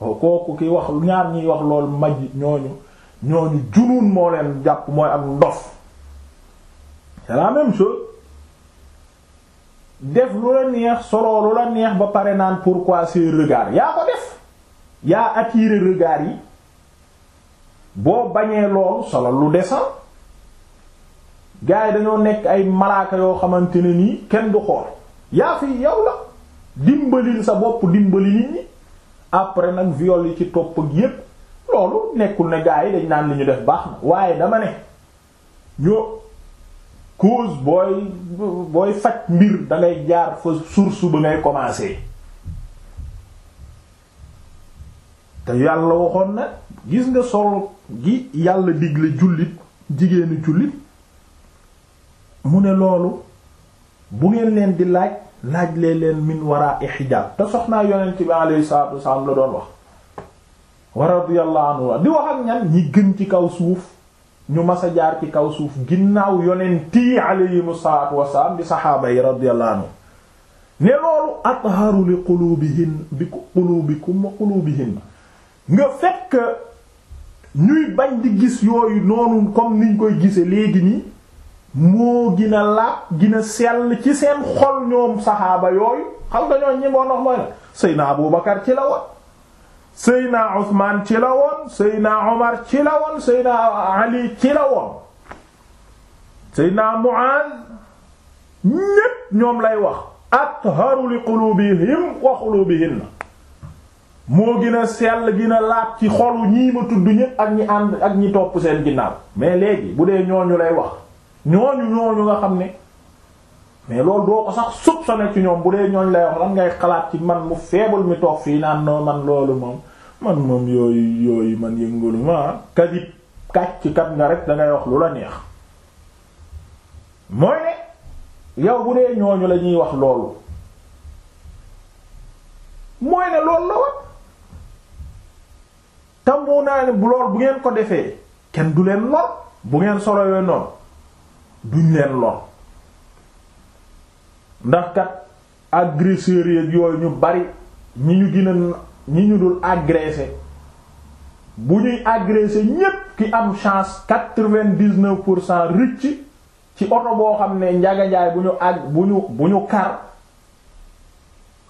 S1: oh, kooku ki wax ñaar ñuy wax loolu maj ñooñu ñooñu junuun moo leen jàpp mooy ak ndof c'est la def lu la neex solo lu la neex ba pare naan pourquoi ces regards yaa ko def yaa attiré regard yi boo bañee loolu solo lu desal gars yi dañoo nekk ay malaaka yoo xamante ne nii kenn du xool yaa fi yow la dimbalil sa bopp dimbali nit ñi après nag viol yi ci topp ak yépp loolu nekkul ne gaa yi dañ naan li ñu def baax na waaye dama ne ñoo cause booy booy faj mbir da ngay jaar fa source ba ngay commencer te yàlla waxoon na gis nga sol gi yàlla digle jullit jigéenu jullit mu ne loolu bu ngeen leen di laaj laaj leen leen min waraa xijaab te soxnaa ci bi alayhi salaatu wasalaam la doon wax wa radiyallahu anhu di wax ak ñan ñi gën ci kaw suuf ñu mas a jaar ci kaw suuf ginnaaw yonent yi alayhimu salaatu wasalaam di saxaaba yi radiyallahu anhu ne loolu atharu li qulubihin bi qulubikum wa qulubihin nga fekk ñuy bañ di gis yooyu noonu comme niñ koy gisee léegi nii moo gën a laab gën a sell ci seen xol ñoom saxaaba yooyu xam nga ñooñ ñi ngoon wax mooy la Seydina Abu ci la woon Seyna Ousmane ci la woon Seyna Omar ci la woon Seyna Ali ci la woon Seyna Mu'aaz ñépp ñoom lay wax atharu li qulubihim wa qulubihin moo gën a sell gën a laab ci xolu ñii ma tudd ñépp ak ñi ànd ak ñi topp seen ginnaaw mais léegi bu dee ñooñu lay wax ñooñu ñooñu nga xam ne mais loolu doo ko sax soupçonné ci ñoom bu dee ñooñ lay wax lan ngay xalaat ci man mu feebul mi toog fii naan noo man loolu moom man moom yooyu yooyu man yëngaluma kadib kàcc kat nga rek dangay wax lu la neex mooy ne yow bu dee ñooñu la ñuy wax loolu mooy ne loolu la wat tambu naa ne bu lool bu ngeen ko defee kenn du leen lor bu ngeen solowee noonu duñ leen lor ndax kat agresseurs yooyu ñu bari ñi ñu ñi ñu dul agressé bu ñuy agressé ñépp ki am chance quatre vingt dix pour cent rëcc ci oto boo xam ne njaganjaay bu ñu àgg bu ñu bu ñu kar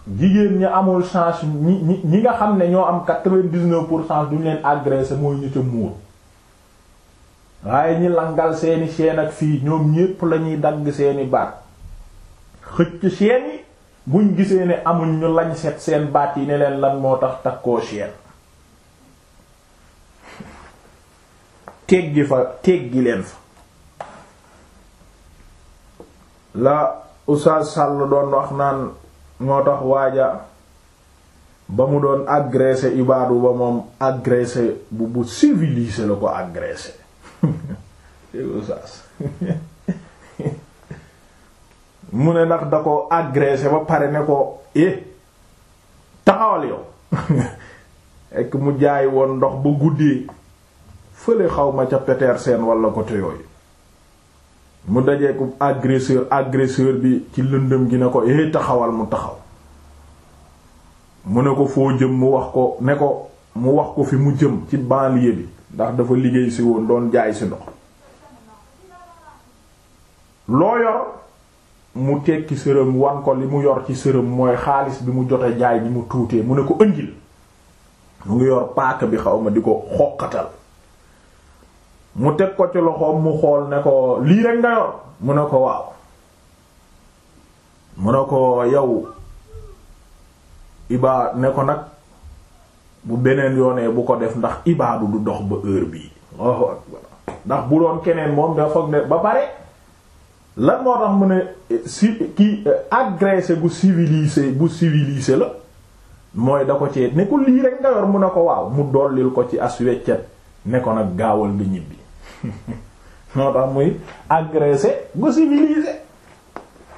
S1: jigéen ñi amul chance ñi ñi ñi nga xam ne ñoo am quatre vingt dix pour cent duñ leen agressé mooy ñu ca muur waaye ñi langal seeni chaîne ak fii ñoom ñépp lañuy dagg seeni baat xëcc chaîne yi buñ gisee ni amul ñu lañ set seen baat yi ne leen lan moo tax takkoo chaîne teggi fa teggi leen fa la Oustaz Sall doon wax naan moo tax waaja ba mu doon agressé ibaadu ba moom agressé bu bu civilisé la ko agressé Oustaz mu ne ndax da ko agressé ba pare ne ko eh taxawal yow ek mu jaay woon ndox ba guddee fële xaw ma ca seen wala côté yooyu mu dajee ko agresseur agresseur bi ci lëndëm gi ne ko eh taxawal mu taxaw mu ne ko foo jëm mu wax ko ne ko mu wax ko fi mu jëm ci banlieue bi ndax dafa liggéey si woon doon jaay si ndox loo yor mu ci sërëm wan ko li mu yor ci sërëm mooy xaalis bi mu jote jaay bi mu tuutee mu ne ko ëndil mu ngi yor paaka bi xaw ma di ko xoqatal mu teg ko ci loxoom mu xool ne ko lii rek nga yor mu ne ko waaw mu ne ko yow ibaa ne ko nag bu beneen yoonee bu ko def ndax ibaadu du dox ba heure bii ndax bu doon keneen moom dafa foog ne ba pare lan moo tax mu ne eh, si ki eh, agressé bu civilisé bu civilisé la mooy da ko ci ne ko lii rek nga yor mu ne ko waaw mu dollil ko ci as weccet ne ko nag gaawal nga ñibbi moo tax muy agressé bu civilisé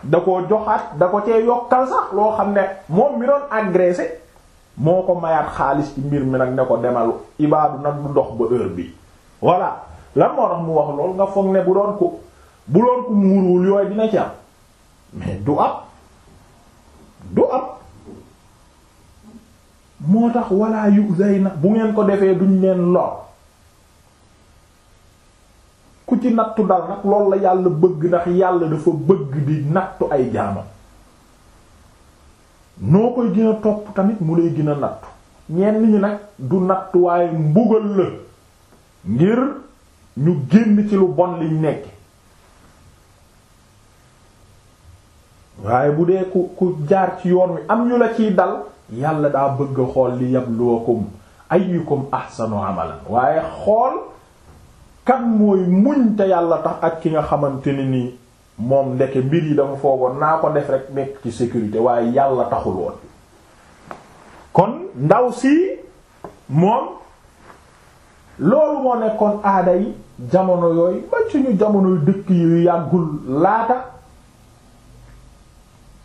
S1: da ko joxaat da ko cee yokkal sax loo xam ne moom mi doon agressé moo ko mayaat xaalis ci mbir mi nag ne ko demal ibaadu nag du dox ba heure bi voilà lan moo tax mu wax lool nga foog ne bu doon ko bu loon ko muuruwul yooyu dina ci mais du ab du ab moo tax walla yu zay na bu ngeen ko defee duñ leen lor ku ci nattu dal nag loolu la yàlla bëgg ndax yàlla dafa bëgg di nattu ay jaamam noo koy gën a topp tamit mu lay gën a nattu ñenn ñi nag du nattu waaye mbugal la ngir ñu génn ci lu bon liñ nekk waaye bu dee ku ku jaar ci yoon wi am ñu la ciy dal yàlla daa bëgg xool li yabluwakum ayyukum ahsanu amalan waaye xool kan mooy muñ te yàlla tax ak ki nga xamante ni nii moom ndeke mbir yi dafa foogoon naa ko def rek nekk ci sécurité waaye yàlla taxul woon kon ndaw si moom loolu moo nekkoon aada yi jamono yooyu ba suñu jamonoy dëkk yu yàggul laata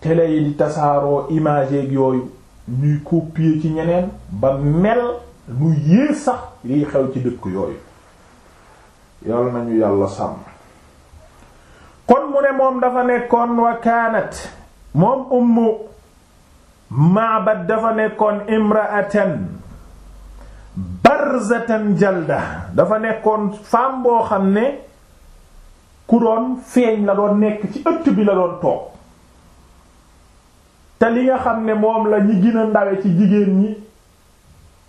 S1: télé yi di tasaaroo image yooyu ñuy copier ci ñeneen ba mel lu yées sax liy xew ci dëkk yooyu yàlla nañu yàlla sàmm kon mu ne moom dafa nekkoon wakaanat kaanat moom ummu Ma'bad dafa nekkoon imra'atan barzatan jalda dafa nekkoon femme boo xam ne ku doon feeñ la doon nekk ci ëtt bi la doon toog te li nga xam ne moom la ñi gën a ndawe ci jigéen ñi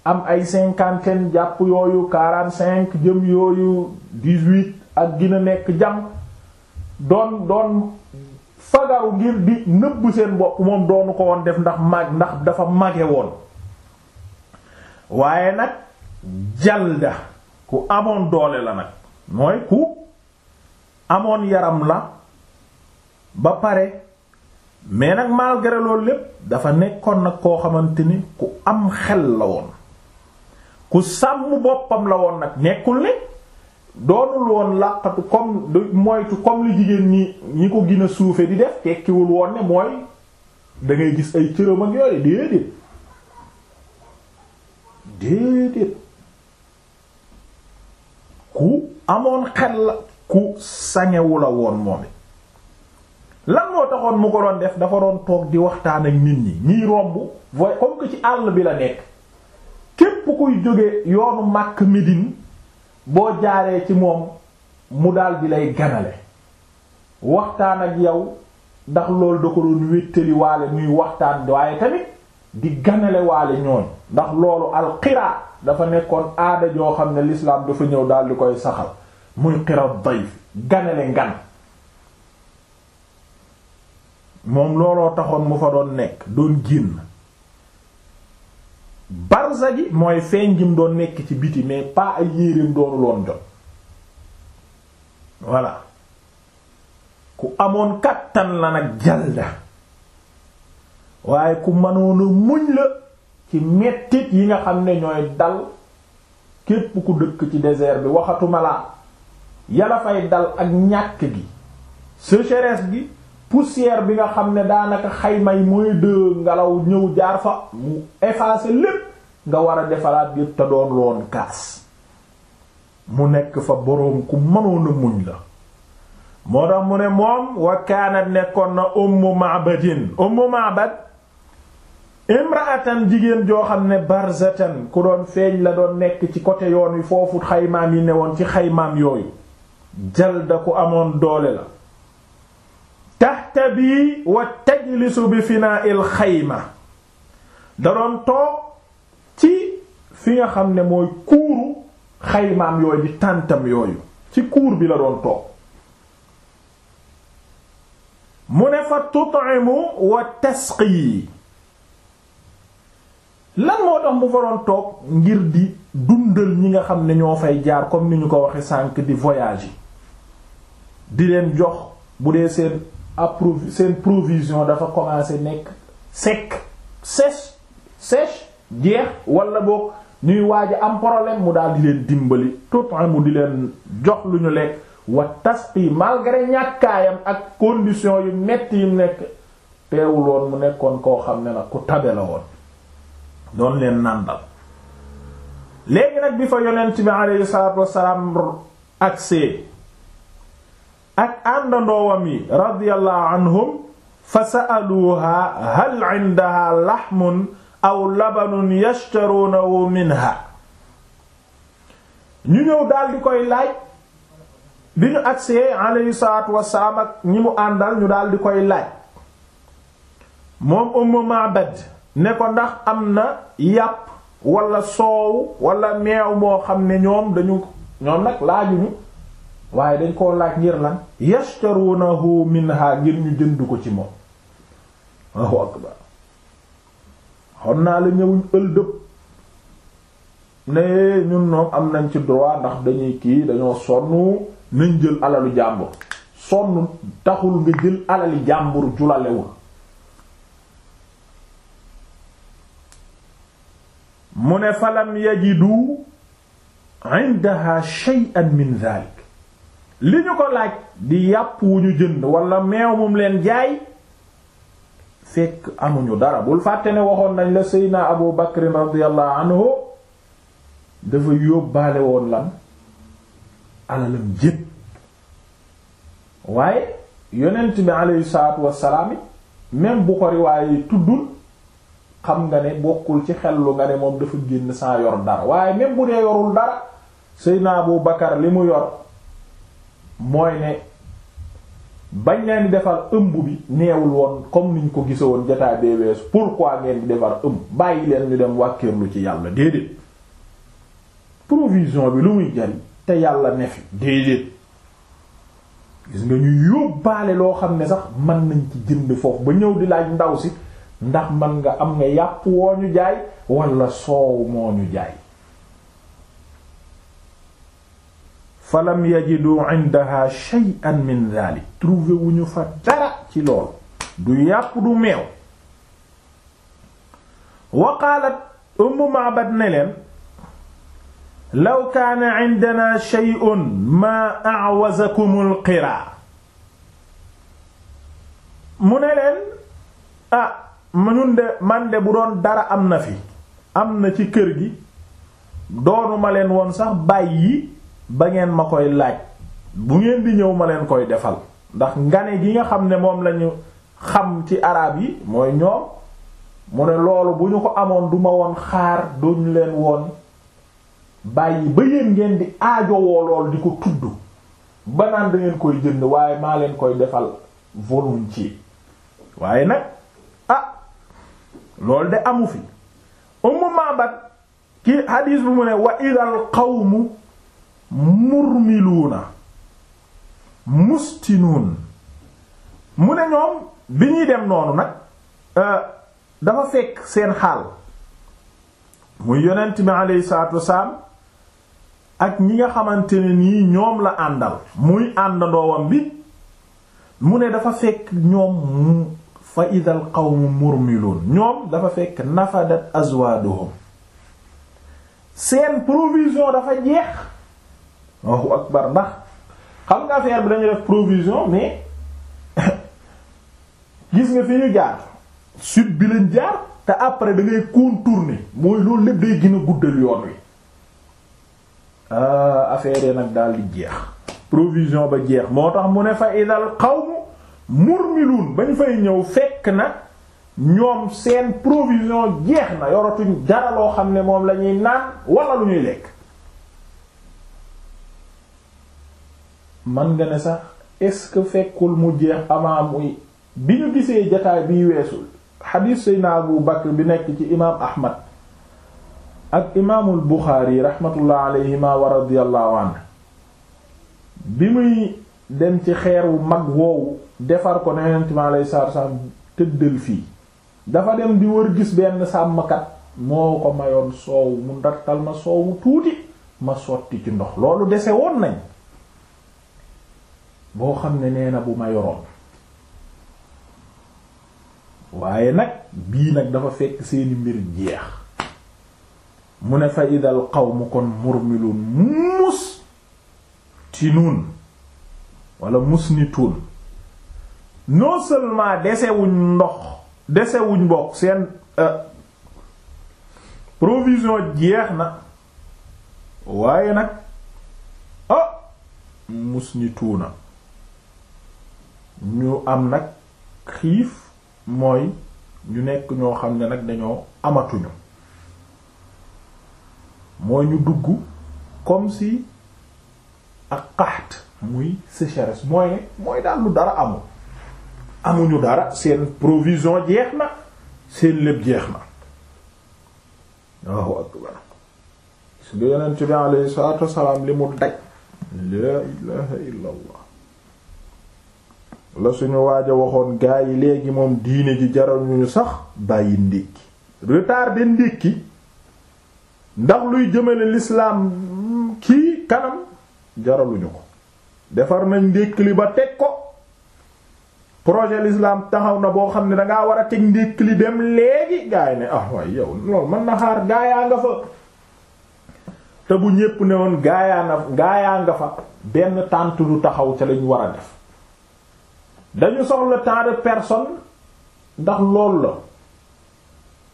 S1: am ay cinquantaine jàpp yooyu quarante cinq jëm yooyu ak gën nekk jam doon doon fagaru ngir di nëbb seen bopp moom doonu ko woon def ndax mag ndax dafa mage woon waaye nag jalda ku amoon doole la nag mooy ku amoon yaram la ba pare mais nag malgré loolu lépp dafa nekkoon nag koo xamante ni ku am xel la woon ku sàmm boppam la woon nag nekkul ne doonul woon làqatu comme moytu comme li jigéen ñi ñi ko gën a suufe di def tekkiwul woon ne mooy da ngay gis ay cëram ak yooyu déedéet déedéet ku amoon xel la ku sañewu la woon moom it lan moo taxoon mu ko doon def dafa doon toog di waxtaan ak nit ñi ñiy romb voy comme ci àll bi la nekk képp kuy jóge yoonu màkk Médine boo jaaree ci moom mu daal di lay ganale waxtaan ak yow ndax loolu da ko doon wéttali waale muy waxtaan waaye tamit di ganale waale ñooñ ndax loolu alxiraa dafa nekkoon aada joo xam ne lislaam dafa ñëw daal di koy saxal muy xira dayf ganale ngan moom looloo taxoon mu fa doon nekk doon génn barza ji mooy feeñ gi mu doon nekk ci biti mais pas ay yéreem doonu loon jot voilà ku amoon kàttan la nag jalda waaye ku mënoon a muñ la ci mettit yi nga xam ne ñooy dal képp ku dëkk ci désert bi waxatuma la yàlla fay dal ak ñàkk gi sécheresse gi poussière bi nga xam ne daanaka xayma yi mooy dë ngelaw ñëw jaar fa mu effacer lépp nga war a defalaat yëpp te doon loon kaas mu nekk fa boroom ku mënoon muñ la moo tax mu ne moom wa kaanat nekkoon na ummu ma'badin ummu ma'bad imra'atan jigéen joo xam ne barzatan ku doon feeñ la doon nekk ci côté yoon wi foofu xaymaam yi ne woon ci xaymaam yooyu jal da ku amoon doole la tahtabi wa tajlisu bi finaa'il xayma da doon toog ci fi nga xam ne mooy kuuru xaymaam yooyu di tàntam yooyu ci kuur bi la doon toog mu ne fa tut'imu wa tasqi lan moo tax mu fa doon toog ngir di dundal ñi nga xam ne ñoo fay jaar comme ni ñu ko waxe sànq di voyage yi di leen jox bu dee seen approvi seen provision dafa commencé nekk sec sèche sèche jeex wala boog ñuy waaja am problème mu daal di leen dimbali tout mu di leen jox lu ñu lekk wa tasqi malgré ñàkkaayam ak condition yu metti yu nekk teewul woon mu nekkoon koo xam ne nag ku tabe la woon doon leen nàndal léegi nag bi fa yonent bi alayhi salaatu wassalaam agsee ak àndandoowam yi radiyallahu anhum fa sa'aluha hal indaha aw labanun yashtarunahu minha ñu ñëw daal koy laaj bi ñu agsee alayhi salaatu wassalaam ak ñi mu àndal ñu daal di koy laaj moom Ummu Ma'bad ne ko ndax am na yàpp wala soow wala meew moo xam ne ñoom dañu ñoom nag laajuñu waaye dañ koo laaj ngir lan yashtarunahu minha ngir ñu jëndu ko ci moom Allahu akbar xon naa la ñëwuñ ëldëb ne ñun ñoom am nañ ci droit ndax dañuy kii dañoo sonn nañ jël alalu jàmbur sonn taxul nga jël alali jàmbur julalewul mu ne falam yajidu indaha shay'an min dhalik li ñu ko laaj di yàpp wu ñu jënd wala meew mum leen jaay fekk amuñu dara bul fàtte ne waxoon nañ la Seydina Abu Bakr radiyallahu anhu dafa yóbbaale woon lan alalam jëpp waaye yonent bi alayhi salaatu wassalaam même bu ko riwaaye tuddul xam nga ne bokkul ci xellu nga ne moom dafa génn sans yor dara waaye même bu dee yorul dara Seydina Abu Bakar li mu yor mooy ne bañ leen di defar ëmb bi neewul woon comme niñ ko gisa woon jotaay bee weesu pourquoi ngeen di defar ëmb bàyyi leen ñu dem wàkkeerlu ci yàlla déedéet provision bi lu muy jariñ te yàlla ne fi déedéet gis nga ñu yóbbaale loo xam ne sax mën nañ ci jënd foofu ba ñëw di laaj ndaw si ndax man nga am nga yàpp woo ñu jaay wala soow moo ñu jaay fa lam yajidu indaha shay'an min dhalik trouvé wu ñu fa dara ci lool du yàpp du meew wa qaalat ummu ma'bad ne leen law kaana indana shay'un maa a'wazakum al-qiraa mu ne leen ah ñun de man de bu doon dara am na fi am na ci kër gi doonuma leen woon sax bàyyi ba ngeen ma koy laaj bu ngeen di ñëw ma leen koy defal ndax ngane gi nga xam ne moom lañu xam ci araab yi mooy ñoom mu ne loolu bu ñu ko amoon duma woon xaar duñ leen woon bàyyi ba yéen ngeen di aajowoo lool di ko tudd ba dangeen da koy jënd waaye maa leen koy defal ci waaye nag ah loolu de amu fi ummu mabat ki hadis bu mu ne wa idal qawmu murmiluuna mustinuun mu ne ñoom bi ñuy dem noonu nag euh, dafa fekk seen xaal muy yonent bi alayhi salaatu wasalaam ak ñi nga xamante ne nii ñoom la àndal muy àndandoowam bi mu ne dafa fekk ñoom fa idal qawmu murmiluun ñoom dafa fekk nafadat azwaaduhum seen provision dafa jeex ak akbar ndax xam nga affaire bi dañu def provision mais gis nga fi ñu jaar sud bi lañ jaar te après da ngay contourner mooy loolu lépp day gën guddal yoon wi ah, affaire yi nag daal di jeex provision ba jeex moo tax mu ne fa idal qawmu murmilun bañ fay ñëw fekk na ñoom seen provision jeex na yoratuñ dara loo xam ne moom la ñuy naan wala lu ñuy lekk man nga ne sax est-ce que fekkul mu jeex avant muy bi ñu gisee jataay biy weesul xadiis sayna Abu Bakr bi nekk ci imaam Ahmad ak imaamul Buxaari rahmatullah alayhima wa bi muy dem ci xeer wu mag woowu defar ko neneen ci ma lay saar fii dafa dem di wër gis benn sàmmkat moo ko mayoon soow mu ndartal ma soowu tuuti ma sotti ci ndox loolu dese woon nañ boo xam ne nee na bu ma yoroon waaye nag bii nag dafa fekk seeni mbir jeex mu ne fa idal qawmu kon murmilun mus tinuun wala musnituun non seulement desewuñ ndox desewuñ bokk seen euh, provision jeex na waaye nag ah musnituuna ñu am nag xiif mooy ñu nekk ñoo xam ne nag dañoo amatuñu mooy ñu dugg comme si ak qaxt muy sécheresse mooy ne mooy daal lu dara amul amuñu dara seen provision jeex na seen lépp jeex na waaw akbar su nga yonent bi alayhi salaatu li mu daj laa ilaha illa la suñu waaj waxoon gaa yi léegi moom diine ji jaral ñu sax bàyyi ndékki retardé ndékki ndax luy jëmale lislaam kii kanam jaraluñu ko defar nañ ndékki li ba teg ko projet lislaam taxaw na boo xam ne dangaa war a teg ndékki li dem léegi gaa yi ne ah waaye yow loolu mën na xaar gaa yaa nga fa te bu ñépp ne woon gaa yaa na gaa yaa nga fa benn tànt du taxaw ca lañ war a def dañu soxla tant de ndax loolu la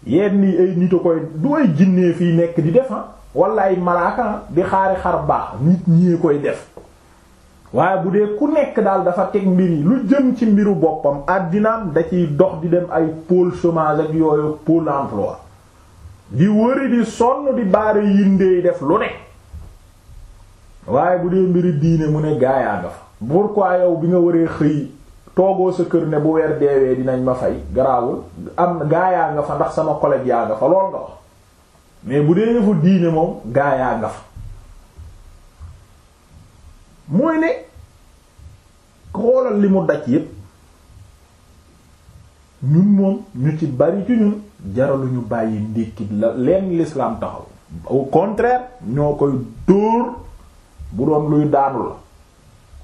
S1: yenn yi ay nit a koy du ay jinnee fii nekk di def ah, wala ay malaaka ah, di xaari xar baax nit ñi koy def waaye bu dee ku nekk daal dafa teg mbir yi lu jëm ci mbiru boppam àddinaam da ciy dox di dem ay pôle chômage ak yooyu pôle emploi di wëri di sonn di baare yindeey def lu ne waaye bu dee mbiri diine mu ne gaayaa nga fa pourquoi yow bi nga waree xëy toogoo sa kër ne bu weer deewee dinañ ma fay garaawul am gaayaa nga fa ndax sama collègue yaa nga fa lool nga wax mais bu dee yëfu diine moom gaayaa nga fa mooy ne xoolal li mu daj yépp ñun moom ñu ci bari ci ñun jaraluñu bàyyi ndékkit la leen l'islam taxaw au contraire ñoo koy dóor bu doon luy daanu la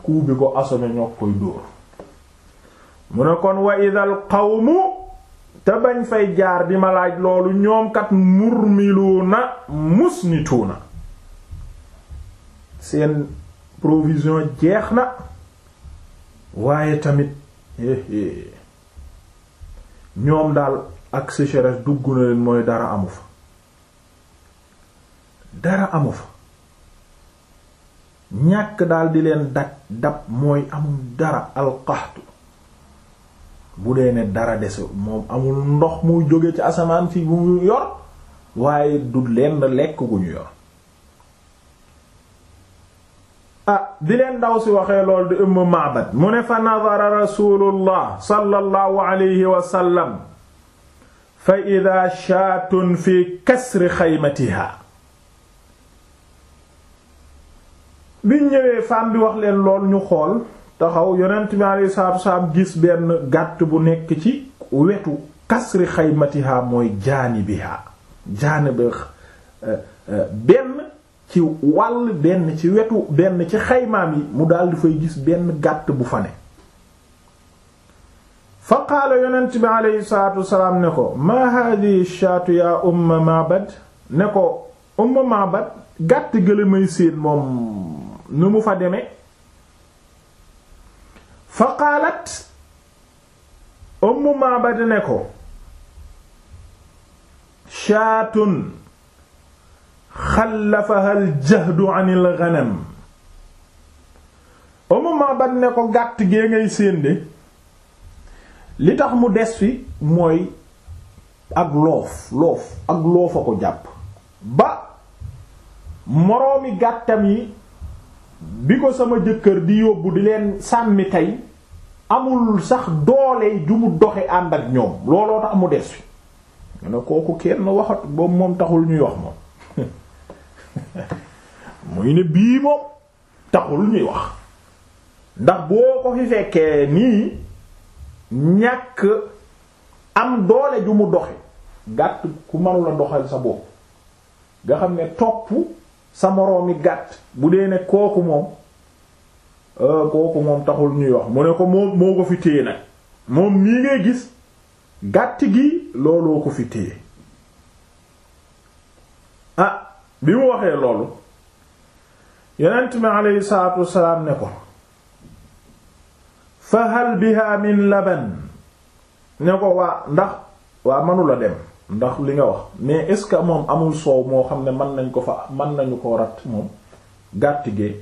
S1: kuu ko asome ñoo koy dóor mu ne kon wa idal qawmu te bañ fay jaar bi ma laaj loolu ñoom kat murmiluuna musnituuna seen provision jeex na waaye tamit eh, eh. ñoom daal ak sécheresse dugg na leen mooy dara amu fa dara amu fa ñàkk daal di leen daj dab mooy amul dara alqaxtu bu dee ne dara dese moom amul ndox mu jóge ci asamaan fi bu mu yor waaye du lenn lekk gu ñu yor ah di leen daw si waxee lool di Umm Ma'bad mu ne fa nadara rasulullah sallallahu alayhi fa ida shaatun fi kasri xaymatiha biñ ñëwee femme bi wax leen lool ñu xool taxaw yonent bi alayhi salaatu wasalaam gis benn gàtt bu nekk ci wetu kasri xaymatiha mooy jaanibiha jaanibi euh, euh, benn ci wàll benn ci wetu benn ci xaymaam yi mu daal di fay gis benn gàtt bu fa ne fa qaala yonent bi alayhi salaatu wasalaam ne ko maa shaatu yaa umma ma'bad ne ko umma ma'bad gàtt gële may moom nu mu fa demee fa qaalat ummu Ma'bad ne ko shaatun xallafaha aljahdu an alghanam ummu Ma'bad ne ko gàtt gee ngay séende li tax mu des fi mooy ak loof loof ak loof a ko jàpp ba moroomi gàttam yi bi ko sama jëkkër di yóbbu di leen sàmmi tay amul sax doole ju mu doxe ànd ak ñoom looloo tax mu des fi nga ne kooku kenn waxat boobu moom taxul ñuy wax muy ne bii moom taxul ñuy wax ndax boo ko fi fekkee nii ñàkk am doole ju mu doxe gàtt ku manula doxal sa bopp nga xam ne topp sa moroomi gàtt bu dee ne kooku moom euh, kooku moom taxul ñuy wax mu ne ko moom moo ko fi téye nag moom nii ngay gis gàtt gi looloo ko fi téye ah bi mu waxee loolu yonent mi aleyhi salaatu wasalaam ne ko fa hal biha min laban ne ko waa ndax waa mënula dem ndax li nga wax mais est-ce que moom amul soow moo xam ne man nañ ko fa man nañu ko rat moom gàtt gee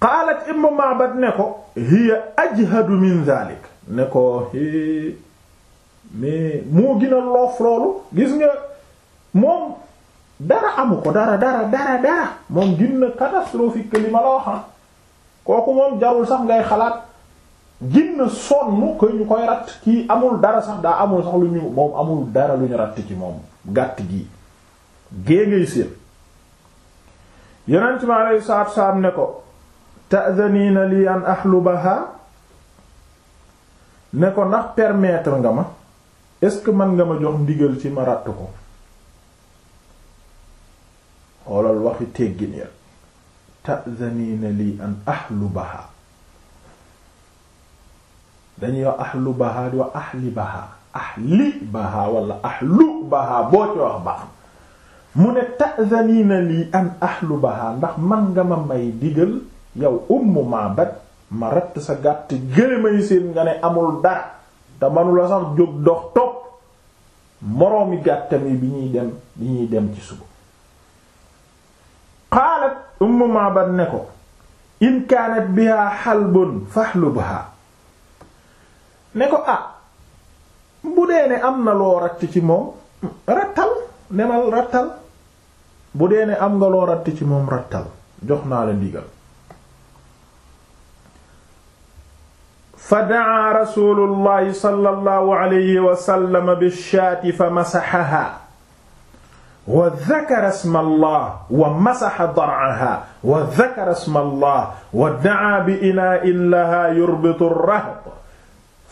S1: qaalat Ibnu Ma'bad ne ko hiya ajhadu min zalik ne ko hé mais moo gën a loof loolu gis nga moom dara amu ko dara dara dara dara moom gën na catastrophique li ma la wax ah. kooku moom jarul sax ngay xalaat ginna sonn ko ñu koy ratt kii amul dara sax daa amul sax lu ñu moom amul dara lu ñu ratt ci moom gàtt gii gée ngay séen yonent mi aleyhi salaatu salaam ne ko ta'zaniina li an ahlubaha ne ko ndax permettre nga ma est-ce que mën nga ma jox ndigal ci ma ratt ko xoolal waxi teggin ya ta'zaniina li an ahlubaha dañuy wax lu baha di wax ahli baha ahli baha wala ahlu baha boo ci wax baax mu ne ta'zanina lii an ahlu baha ndax man nga ma may digal yow ummu maabat ma ratt sa gàtt gëlémay seen nga ne amul dara te manula sax jóg dox topp moroomi gàttami bi ñuy dem bi ñuy dem ci suba qaalat ummu maabat ne ko in kaanat biha halbun fahlubha ne ko ah bu dee ne am na loo ratt ci moom rattal nemal rattal bu dee ne am nga loo ratt ci moom rattal jox naa la ndigal fa daa rasulullahi sallallahu alayhi wa sallam bishaati fa masaxaha wa dakara isma allah wa masaxa dar'aha wa dakara isma allah wa daa bi inaa in laha yurbitu rahb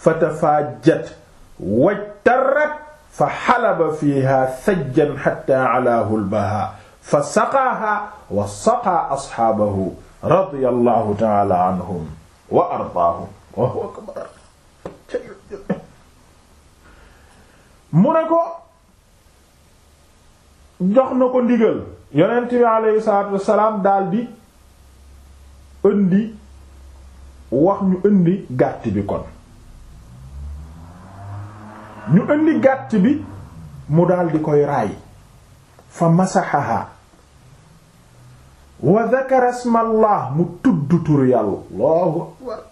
S1: fatafaajat wajtarat fa xalaba fiiha sajjan xatta alaahu lbaha fa saqaaha wa saqaa asxaabahu radiyallahu taala anhum wa ardaahum Allahu akbar mu ne ko jox na ko ndigal yonent bi aleyhi salaatu wasalaam daldi indi wax ñu indi gàtt bi kon ñu indi gàtt bi mu daal di koy raay fa masaxaha wa dhakara ismallah mu tudd turu yàlla allahu akbar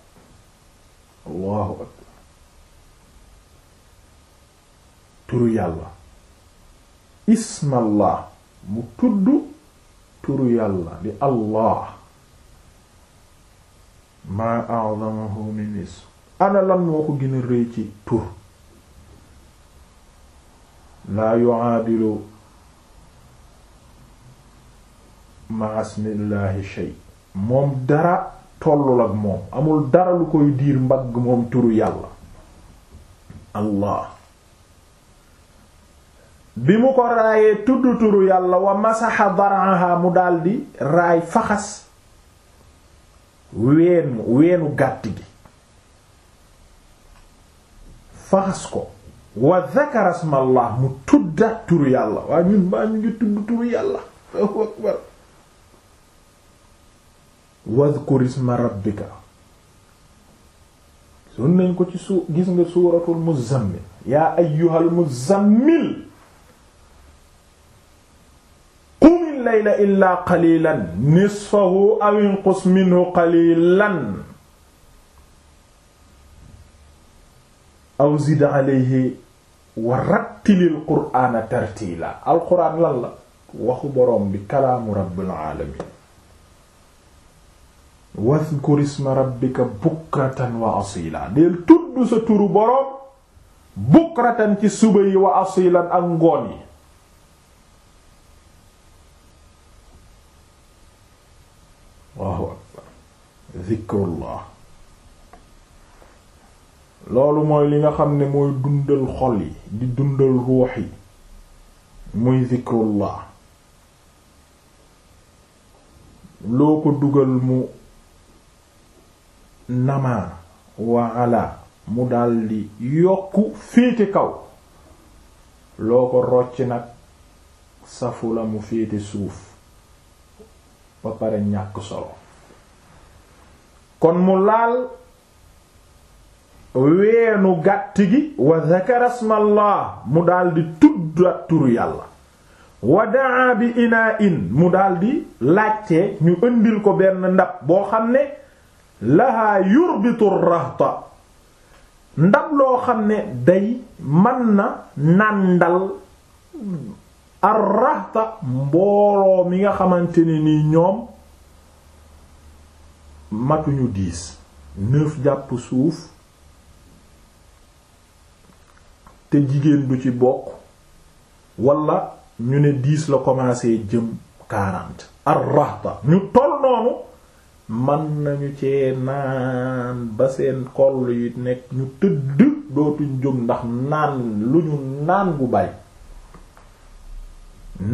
S1: allahu allah maa a'zamahu moo ko gën a rëy ci tur laa yuaadilu maasmillahi shay moom dara tollul ak moom amul dara lu koy diir mbagg moom turu yàlla allah bi mu ko raayee tudd turu yàlla wa masaxa daraaha mu daldi raay faxas weenu weenu gàtt gi faxas ko wa dhakara ismallah mu tudda turu yàlla waaye ñun baa ñu ngi tudd turu yàlla Allahu akbar wadhkur isma rabbika sun nañ ko ci su gis nga suuratul muzammil yaa ayyuhal muzammil qumil layla illaa qalilan nisfahu aw inqus minhu qalilan aw zid alayhi wa rattilil qur'aana tartiila alquran lan la waxu boroom bi kalaamu rabbil alamin wadhkur isma rabbika bukratan wa asila deel tudd sa turu boroom bukratan ci suba yi wa asilan ak ngoon yi Allahu akbar zikrullah loolu mooy li nga xam ne mooy dundal xol yi di dundal ruux yi muy zikrullah loo ko dugal mu namaa wa ala mu daldi yokku féete kaw loo ko rocc nag safu la mu féete suuf ba pare ñàkk solo kon mu laal weenu gàtt gi wa zakara smallah mu daldi tuddat yàlla wa daa bi inaa in mu daldi laajte ñu indil ko benn ndab boo xam ne lahaa yurbitu rahta ndab loo xam ne day mën na nàndal ar rahta mbooloo mi nga xamante ne ñoom matuñu diis neuf jàpp suuf te jigéen du ci bokk wala ñu ne diis la commencé jëm quarante ar ñu toll noonu man nañu cee naan ba seen koll yi nekk ñu tëdd dootuñ jóg ndax naan lu ñu naan bu bàyyi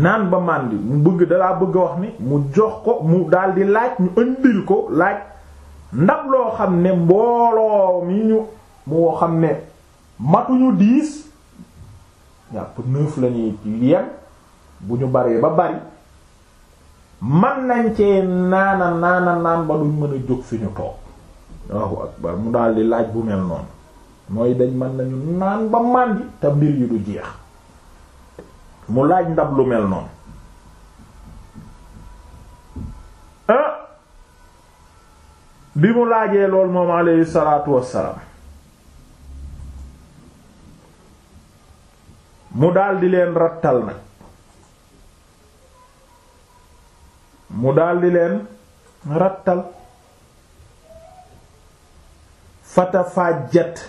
S1: naan ba màndi mu bëgg dalaa bëgg wax ni mu jox ko mu daldi laaj ñu ëndil ko laaj ndab loo xam ne mbooloo mi ñu moo xam ne matuñu dix jàpp neuf lañuy yem bu ñu baree ba bari man nañ ci naana naana naan ba duñ mën a jóg fi ñu toog waaw akbar mu daal laaj bu mel noonu mooy dañ man nañu naan ba màndi te mbir yi du jeex mu laaj ndab lu mel noonu ah! bi mu laajee lool moom alayhi salaatu wassalaam mu daldi leen rattal nag mu daldi leen rattal fatafajjat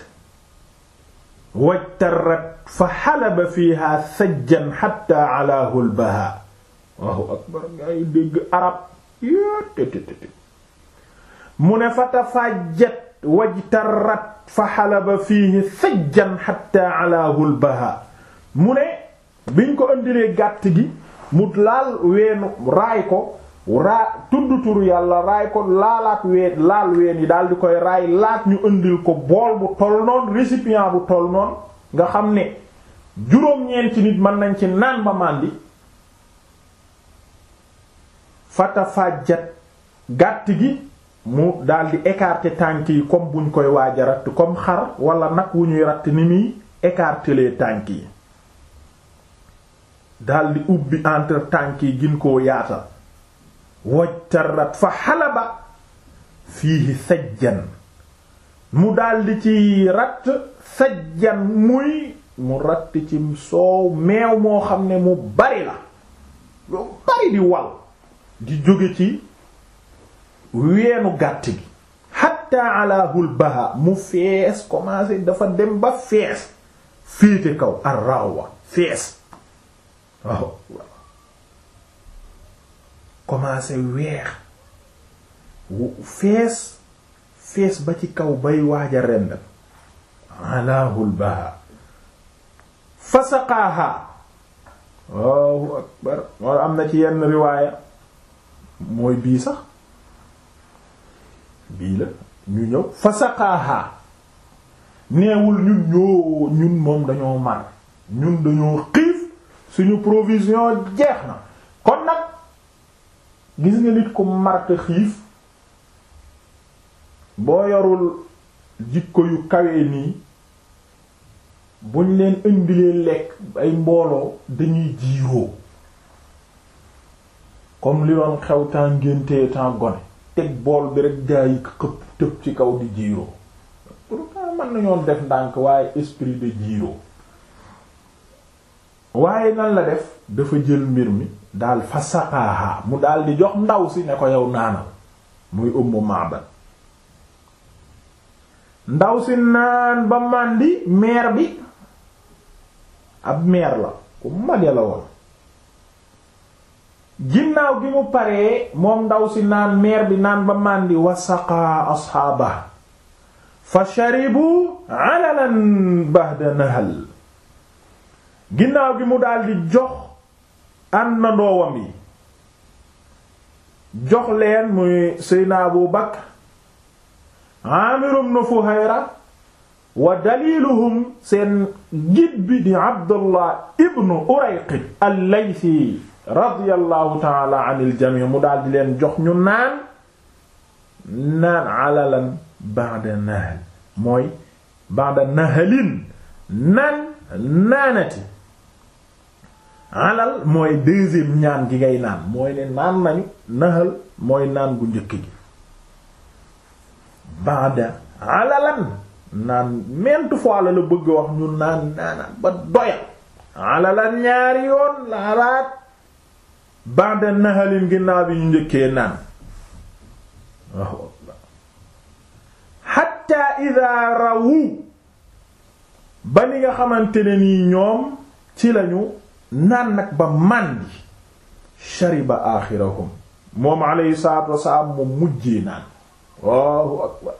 S1: wajtarat fa xalaba fiiha sajjan xatta alaahu lbaha waaw akbar ngay dégg arab mu ne fatafajjat wajtarat fa xalaba fiihi sajjan xatta alaahu lbaha mu ne biñ ko indilee gàtt gi mu laal weenu raay ko tudd turu yàlla raay ko laalaat ween yi daal di koy raay laat ñu indil ko bool bu toll noonu récipient bu toll noon nga xam ne juróom-ñeenti nit mën nañ ci naan ba màndi fatafajjat gàtt gi mu daldi di tànk yi comme buñ koy waaj a ratt comme xar wala nag wu ñuy ratt ni muy écarter tànk yi daldi ubbi entre tànk gin koo yaatal wajtarat fa xalaba fiihi sajjan mu daldi ci ratt sajjan muy mu ratt ci soow meew moo xam ne mu bari la lu bari di wal di jóge ci weenu gàtt gi hatta alahul baha mu fees commencé dafa dem ba fees féete kaw ar rawa fees Oh, waaw weex fees fees ba ci kaw bay waaja rendal alaahul baha fasaqaaha Allahu akbar wala am na ci yenn riwaaya mooy bii sax bii la ñu ñëw fasaqaaha neewul ñun ñoo ñun moom dañoo mar ñun dañoo suñu provision jeex na kon nag gis nga nit ku marte xiif boo yorul jikko yu kawe nii buñ leen indilee lekk ay mbooloo dañuy jiiroo comme li doon xew temps ngénte temps gone teg bool bi rek gaa yi xëpp tëb ci kaw di jiiroo pourtant mën nañoon def ndànk waaye esprit de jiiroo waaye nan la def dafa jël mbir mi daal fa saqaaha mu daldi jox ndaw si ne ko yow naanal muy ummu Ma'bad ndaw si naan ba màndi meer bi ab meer la ku mage la woon ginnaaw gi mu paree moom ndaw si naan meer bi naan ba màndi wa saqaa asxaaba fa sharibu alalan ba'da nahal ginnaaw bi mu daldi jox àndandoowam yi jox leen muy Seydina Abu Bakr Aamir ibn Fuhayra wa daliluhum seen gid bi di Abdullah ibn Urayqit al-Laythi radiyallahu ta'ala anil mu daldi leen jox ñu naan naan alalan ba'da nahl mooy ba'da nahlin naan naanati alal mooy deuxième ñaan gi ngay naan mooy ne naan nañu naxal mooy naan bu njëkk gi baada alalan naan maintes fois la bëgg wax ñu naan naana ba doyal alalan ñaari yoon la alaat baada naxalin ginnaaw bi ñu njëkkee naan xatta ida rawu ba ni nga xamante ne nii ñoom ci lañu naan nag ba màndi shariba aaxirahum moom alayhi salaatu wasalaam mu mujjee naan Allahu akbar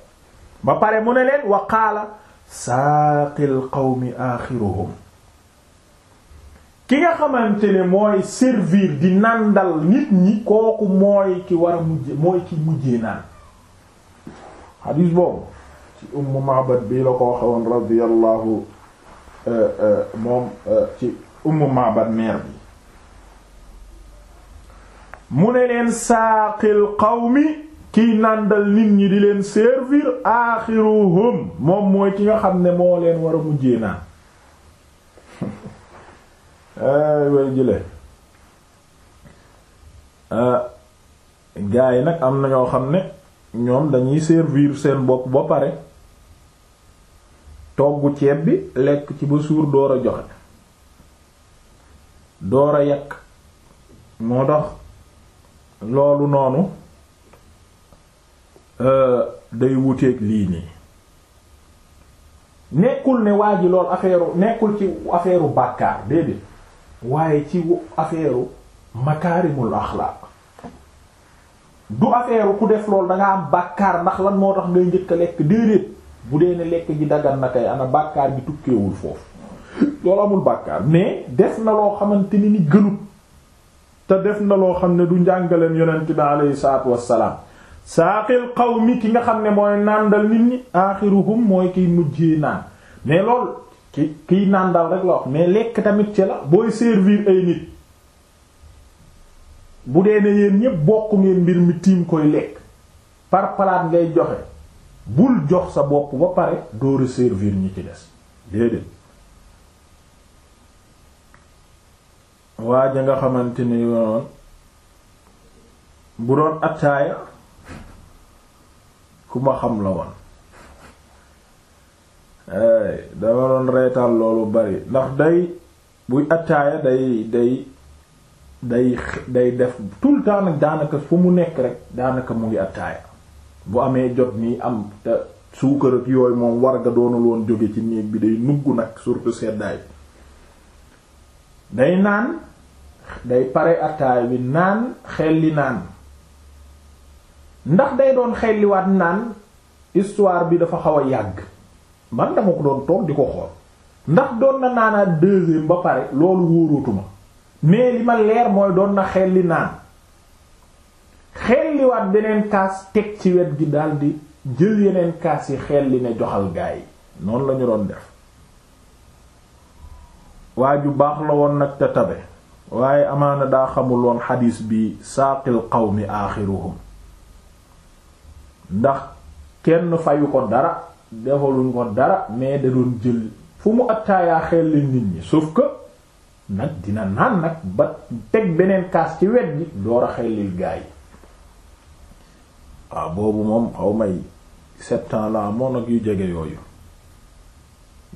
S1: ba pare mu ne leen wa qaala saaqil qawmi aaxiruhum ki nga xamante ni mooy servir di nandal nit ñi kooku mooy ki war mujje mooy ki mujjee naan xadiis boobu ci Ummu Ma'bad bii la ko waxoon radiyallahu eh, eh, moom eh, Ummu Ma'bad mère bi mu ne leen saaqil qawmi kiy nàndal nit ñi di leen servir aaxiruhum moom mooy ki nga xam ne moo leen war a mujjee naan ay way jële ah, gaa yi nag am na ñoo xam ne ñoom dañuy servir seen bopp ba pare togg ceeb bi lekk ci ba suur door a joxe door a yàq moo tax loolu noonu euh, day wuteeg lii nii nekkul ne waa ji lool affaire nekkul ci affaire bàkkaar déedéet waaye ci affaire makaarimul axlaaq du affaire ku def lool da nga am bàkkaar ndax lan moo tax ngay njëkk lekk déedéet bu dee ne lekk ji dagan na kay ana bàkkaar bi tukkeewul foofu. loolu amul bàkkaar mais def na loo xamante ni ni gënut te def na loo xam ne du njàngaleen yonent bi aleyhi salaatu wassalaam saaqil qawmi ki nga xam ne mooy nàndal nit ñi aaxiruhum mooy kiy mujjee naan mais lool ki kiy nàndal rek la wax mais lekk tamit ci la booy servir ay nit bu dee ne yéen ñépp bokk ngeen mbir mi tiim koy lekk par palaat ngay joxe bul jox sa bopp ba pare dóora servir ñi ci des déedéet waaja nga xamante ni yoon bu doon attaaya ku ma xam la woon dama doon reetaan loolu bari ndax day buy attaaya day day day day def tout le temps nag daanaka fu mu nekk rek daanaka mu ngi attaaya bu amee jot nii am te suukar ak yooyu moom war nga doonul woon jóge ci néeg bi day nugg nag surtout seddaay day naan day pare attaay bi naan xelli naan ndax day doon xelliwaat naan histoire bi dafa xaw a yàgg man dama ko doon toog di ko xool ndax doon na naanaat deuxième ba pare loolu wóorootuma mais li ma leer mooy doon na xelli naan xelliwaat beneen kaas teg ci wet gi daldi jël yeneen kaas yi xelli ne joxal gaa noonu lañu doon def waa ju baax la woon nag te tabe waaye amaana daa xamul woon xadiis bi xaw mi aaxiruhum ndax kenn fayu ko dara defaluñ ko dara mais da doon jël fu mu attaayaa xel nit ñi sauf que nag dina naan nag ba teg beneen kaas ci wet gi door a xellil gaa yi waaw ah, boobu moom xaw may sept ans la ak yu jege yooyu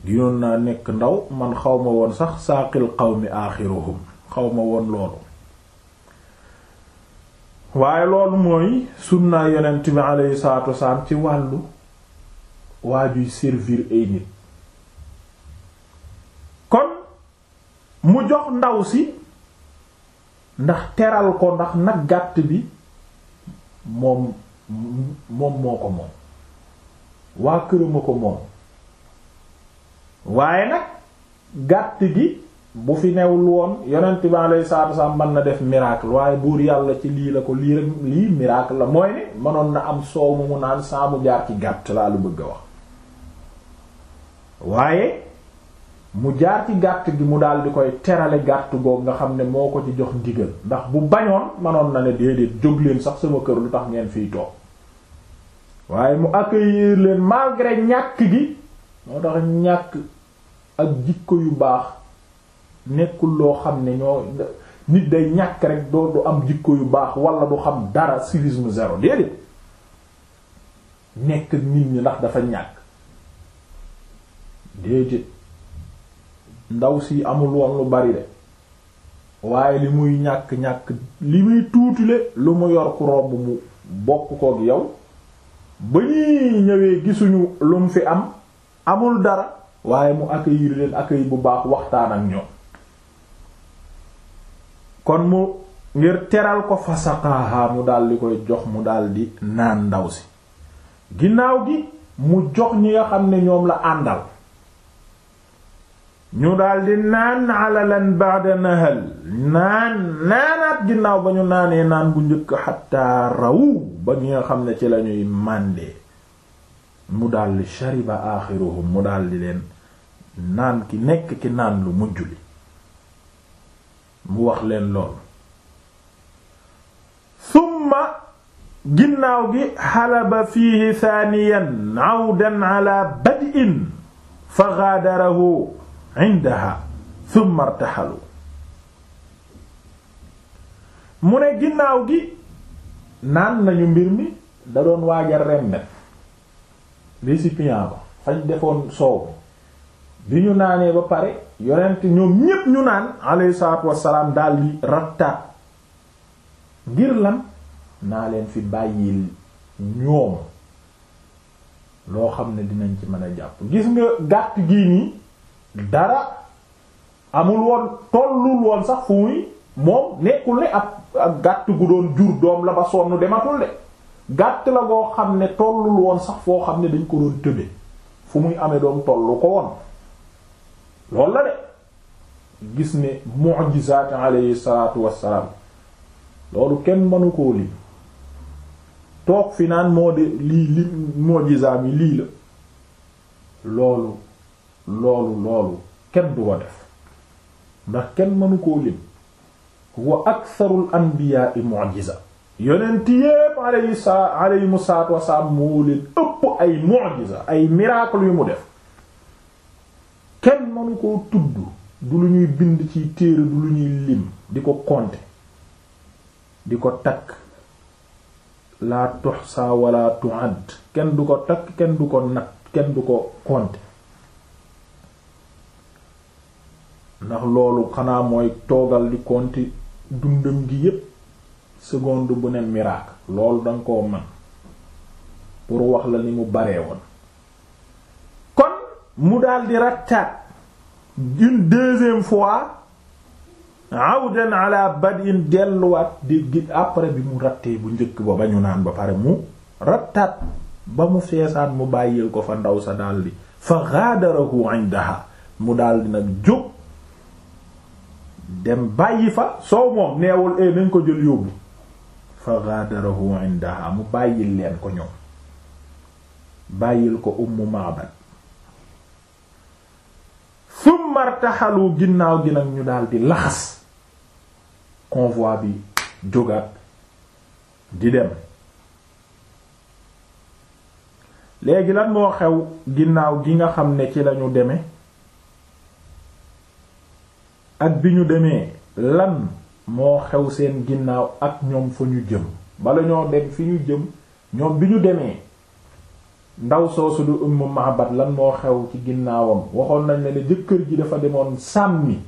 S1: ginoon naa nekk ndaw man xaw ma woon sax saaqil mi aaxiruhum xaw ma woon loolu waaye loolu mooy sunnaa yonent bi aleyhi salaatu wasalaam ci wàllu waajuy servir ay nit kon mu jox ndaw si ndax teral ko ndax nag gàtt bi moom moom moo ko moom waa kërama ko moom waaye nag gàtt gi bu fi newul woon yonent bi alayhi salaatu wasallam mën na def miracle waaye buur yàlla ci lii la ko lii rek lii miracle la mooy ne mënoon na am soow mu mu naan saa mu jaar ci gàtt laa lu bëgg a wax waaye mu jaar ci gàtt gi mu daal di koy terale gàtt goog nga xam ne moo ko ci jox ndigal ndax bu bañoon mënoon na ne déedéet jóg sax sama kër lu tax ngeen fiy toog waaye mu accueillir leen malgré ñàkk gi moo tax ñàkk ak jikko yu baax nekkul loo xam ne ñoo nit day ñàkk rek doo du am jikko yu baax wala du xam dara civisme zéro déedéet nekk nit ñi ndax dafa ñàkk déedéet ndaw si amul woon lu bari de waaye li muy ñàkk ñàkk li muy tuutule lu mu yor ku romb mu bokk koog yow ba ñuy ñëwee gisuñu lu mu fi am amul dara waaye mu accueillir leen accueil bu baax waxtaan ak ñoom kon mu ngir teral ko fasaqaaha mu daldi koy jox mu daldi naan ndaw si ginnaaw gi mu jox ñi nga xam ne ñoom la àndal ñu daldi naan alalan ba'da nahal naan naanaat ginnaaw ba ñu naanee naan bu njëkk xataa rawu ba ñi nga xam ne ci lañuy màndee mu daldi shariba aaxiruhum mu daldi leen naan ki nekk ki naan lu mujj li mu wax leen lool summa ginnaaw gi xalaba fiihi thaniyan awdan ala bad'in fa gaadarahu indaha thumma irtaxalu mu ne ginnaaw gi naan nañu mbir mi da doon waaja remmet récipient ba fañ defoon soow bi ñu naanee ba pare yonent ñoom ñépp ñu naan alayhi salaatu wassalaam daal di rattaat ngir lan naa leen fi bàyyil ñoom loo xam ne dinañ ci mën a jàpp gis nga gàtt gi nii dara amul woon tollul woon sax fu muy moom nekkul ne ak gàtt gu doon jur doom la ba sonn dematul de gàtt la goo xam ne tollul woon sax foo xam ne dañ ko doon tëbe fu muy ame doom tollu ko woon loolu la de gis ne mu'jizaat alayhi wassalaam loolu kenn mënu koo lii toog fi naan moo de lii li mu'jizaam yi lii la loolu loolu loolu kenn du ko def ndax kenn mënu koo lim wa aktharul anbiya'i mu'jiza yonent yépp alayhi salaatu wassalaam moo leen ëpp ay mu'jiza ay miracle yu mu def mënu koo tudd bind ci téere du di ko compter di ko takk la tuhsa kenn du ko takk kenn du ko du ko compter ndax loolu xanaa mooy toogal di compter gi yépp seconde bu ne miracle loolu danga koo man pour wax ni mu baree rattaat une deuxième fois awdan ala badin delluwaat di gi après bi mu rattee bu njëkk ba bañu naan ba pare mu rattaat ba mu feesaan mu bàyyil ko fa ndaw sa daldi fa ghadarahu indaha mu daldi nag jóg dem bàyyi fa soow moom neewul e nañ ko jël yóbbu fa ghadarahu indaha mu bàyyil leen ko ñoom bàyyil ko ummu ma'bad summa irtaxalu ginnaaw gi nag ñu daal di laxas convoi bi jógaat di dem léegi lan moo xew ginnaaw gi nga xam ne ci lañu deme ak bi ñu demee lan moo xew seen ginnaaw ak ñoom fa ñu jëm bala ñoo dem fi ñu jëm ñoom bi ñu demee ndaw soosu di Ummu Ma'bad lan moo xew ci ginnaawam waxoon nañ la ne jëkkër ji dafa demoon sàmmi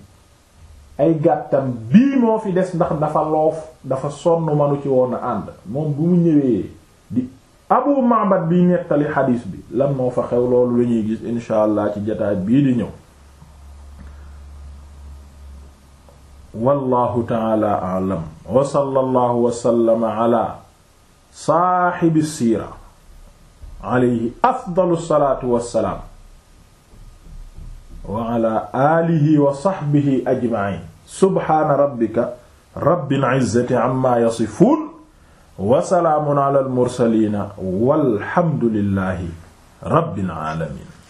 S1: ay gàttam bii moo fi des ndax dafa loof dafa sonn manu ci woon a ànd moom bu mu ñëwee di Abu Ma'bad bi nettali xadiis bi lan moo fa xew loolu la ñuy gis insha allah ci jataay bii di ñëw wallahu taala alam wa sallallahu wa sallama ala saaxibi siira alayhi afdalu salaatu wassalaam wa ala alihi wa sahbihi ajma'in subhaana rabbika rabbil izzati amma yasifun wa salaamun ala al mursaliina walhamdulillahi rabbil alamin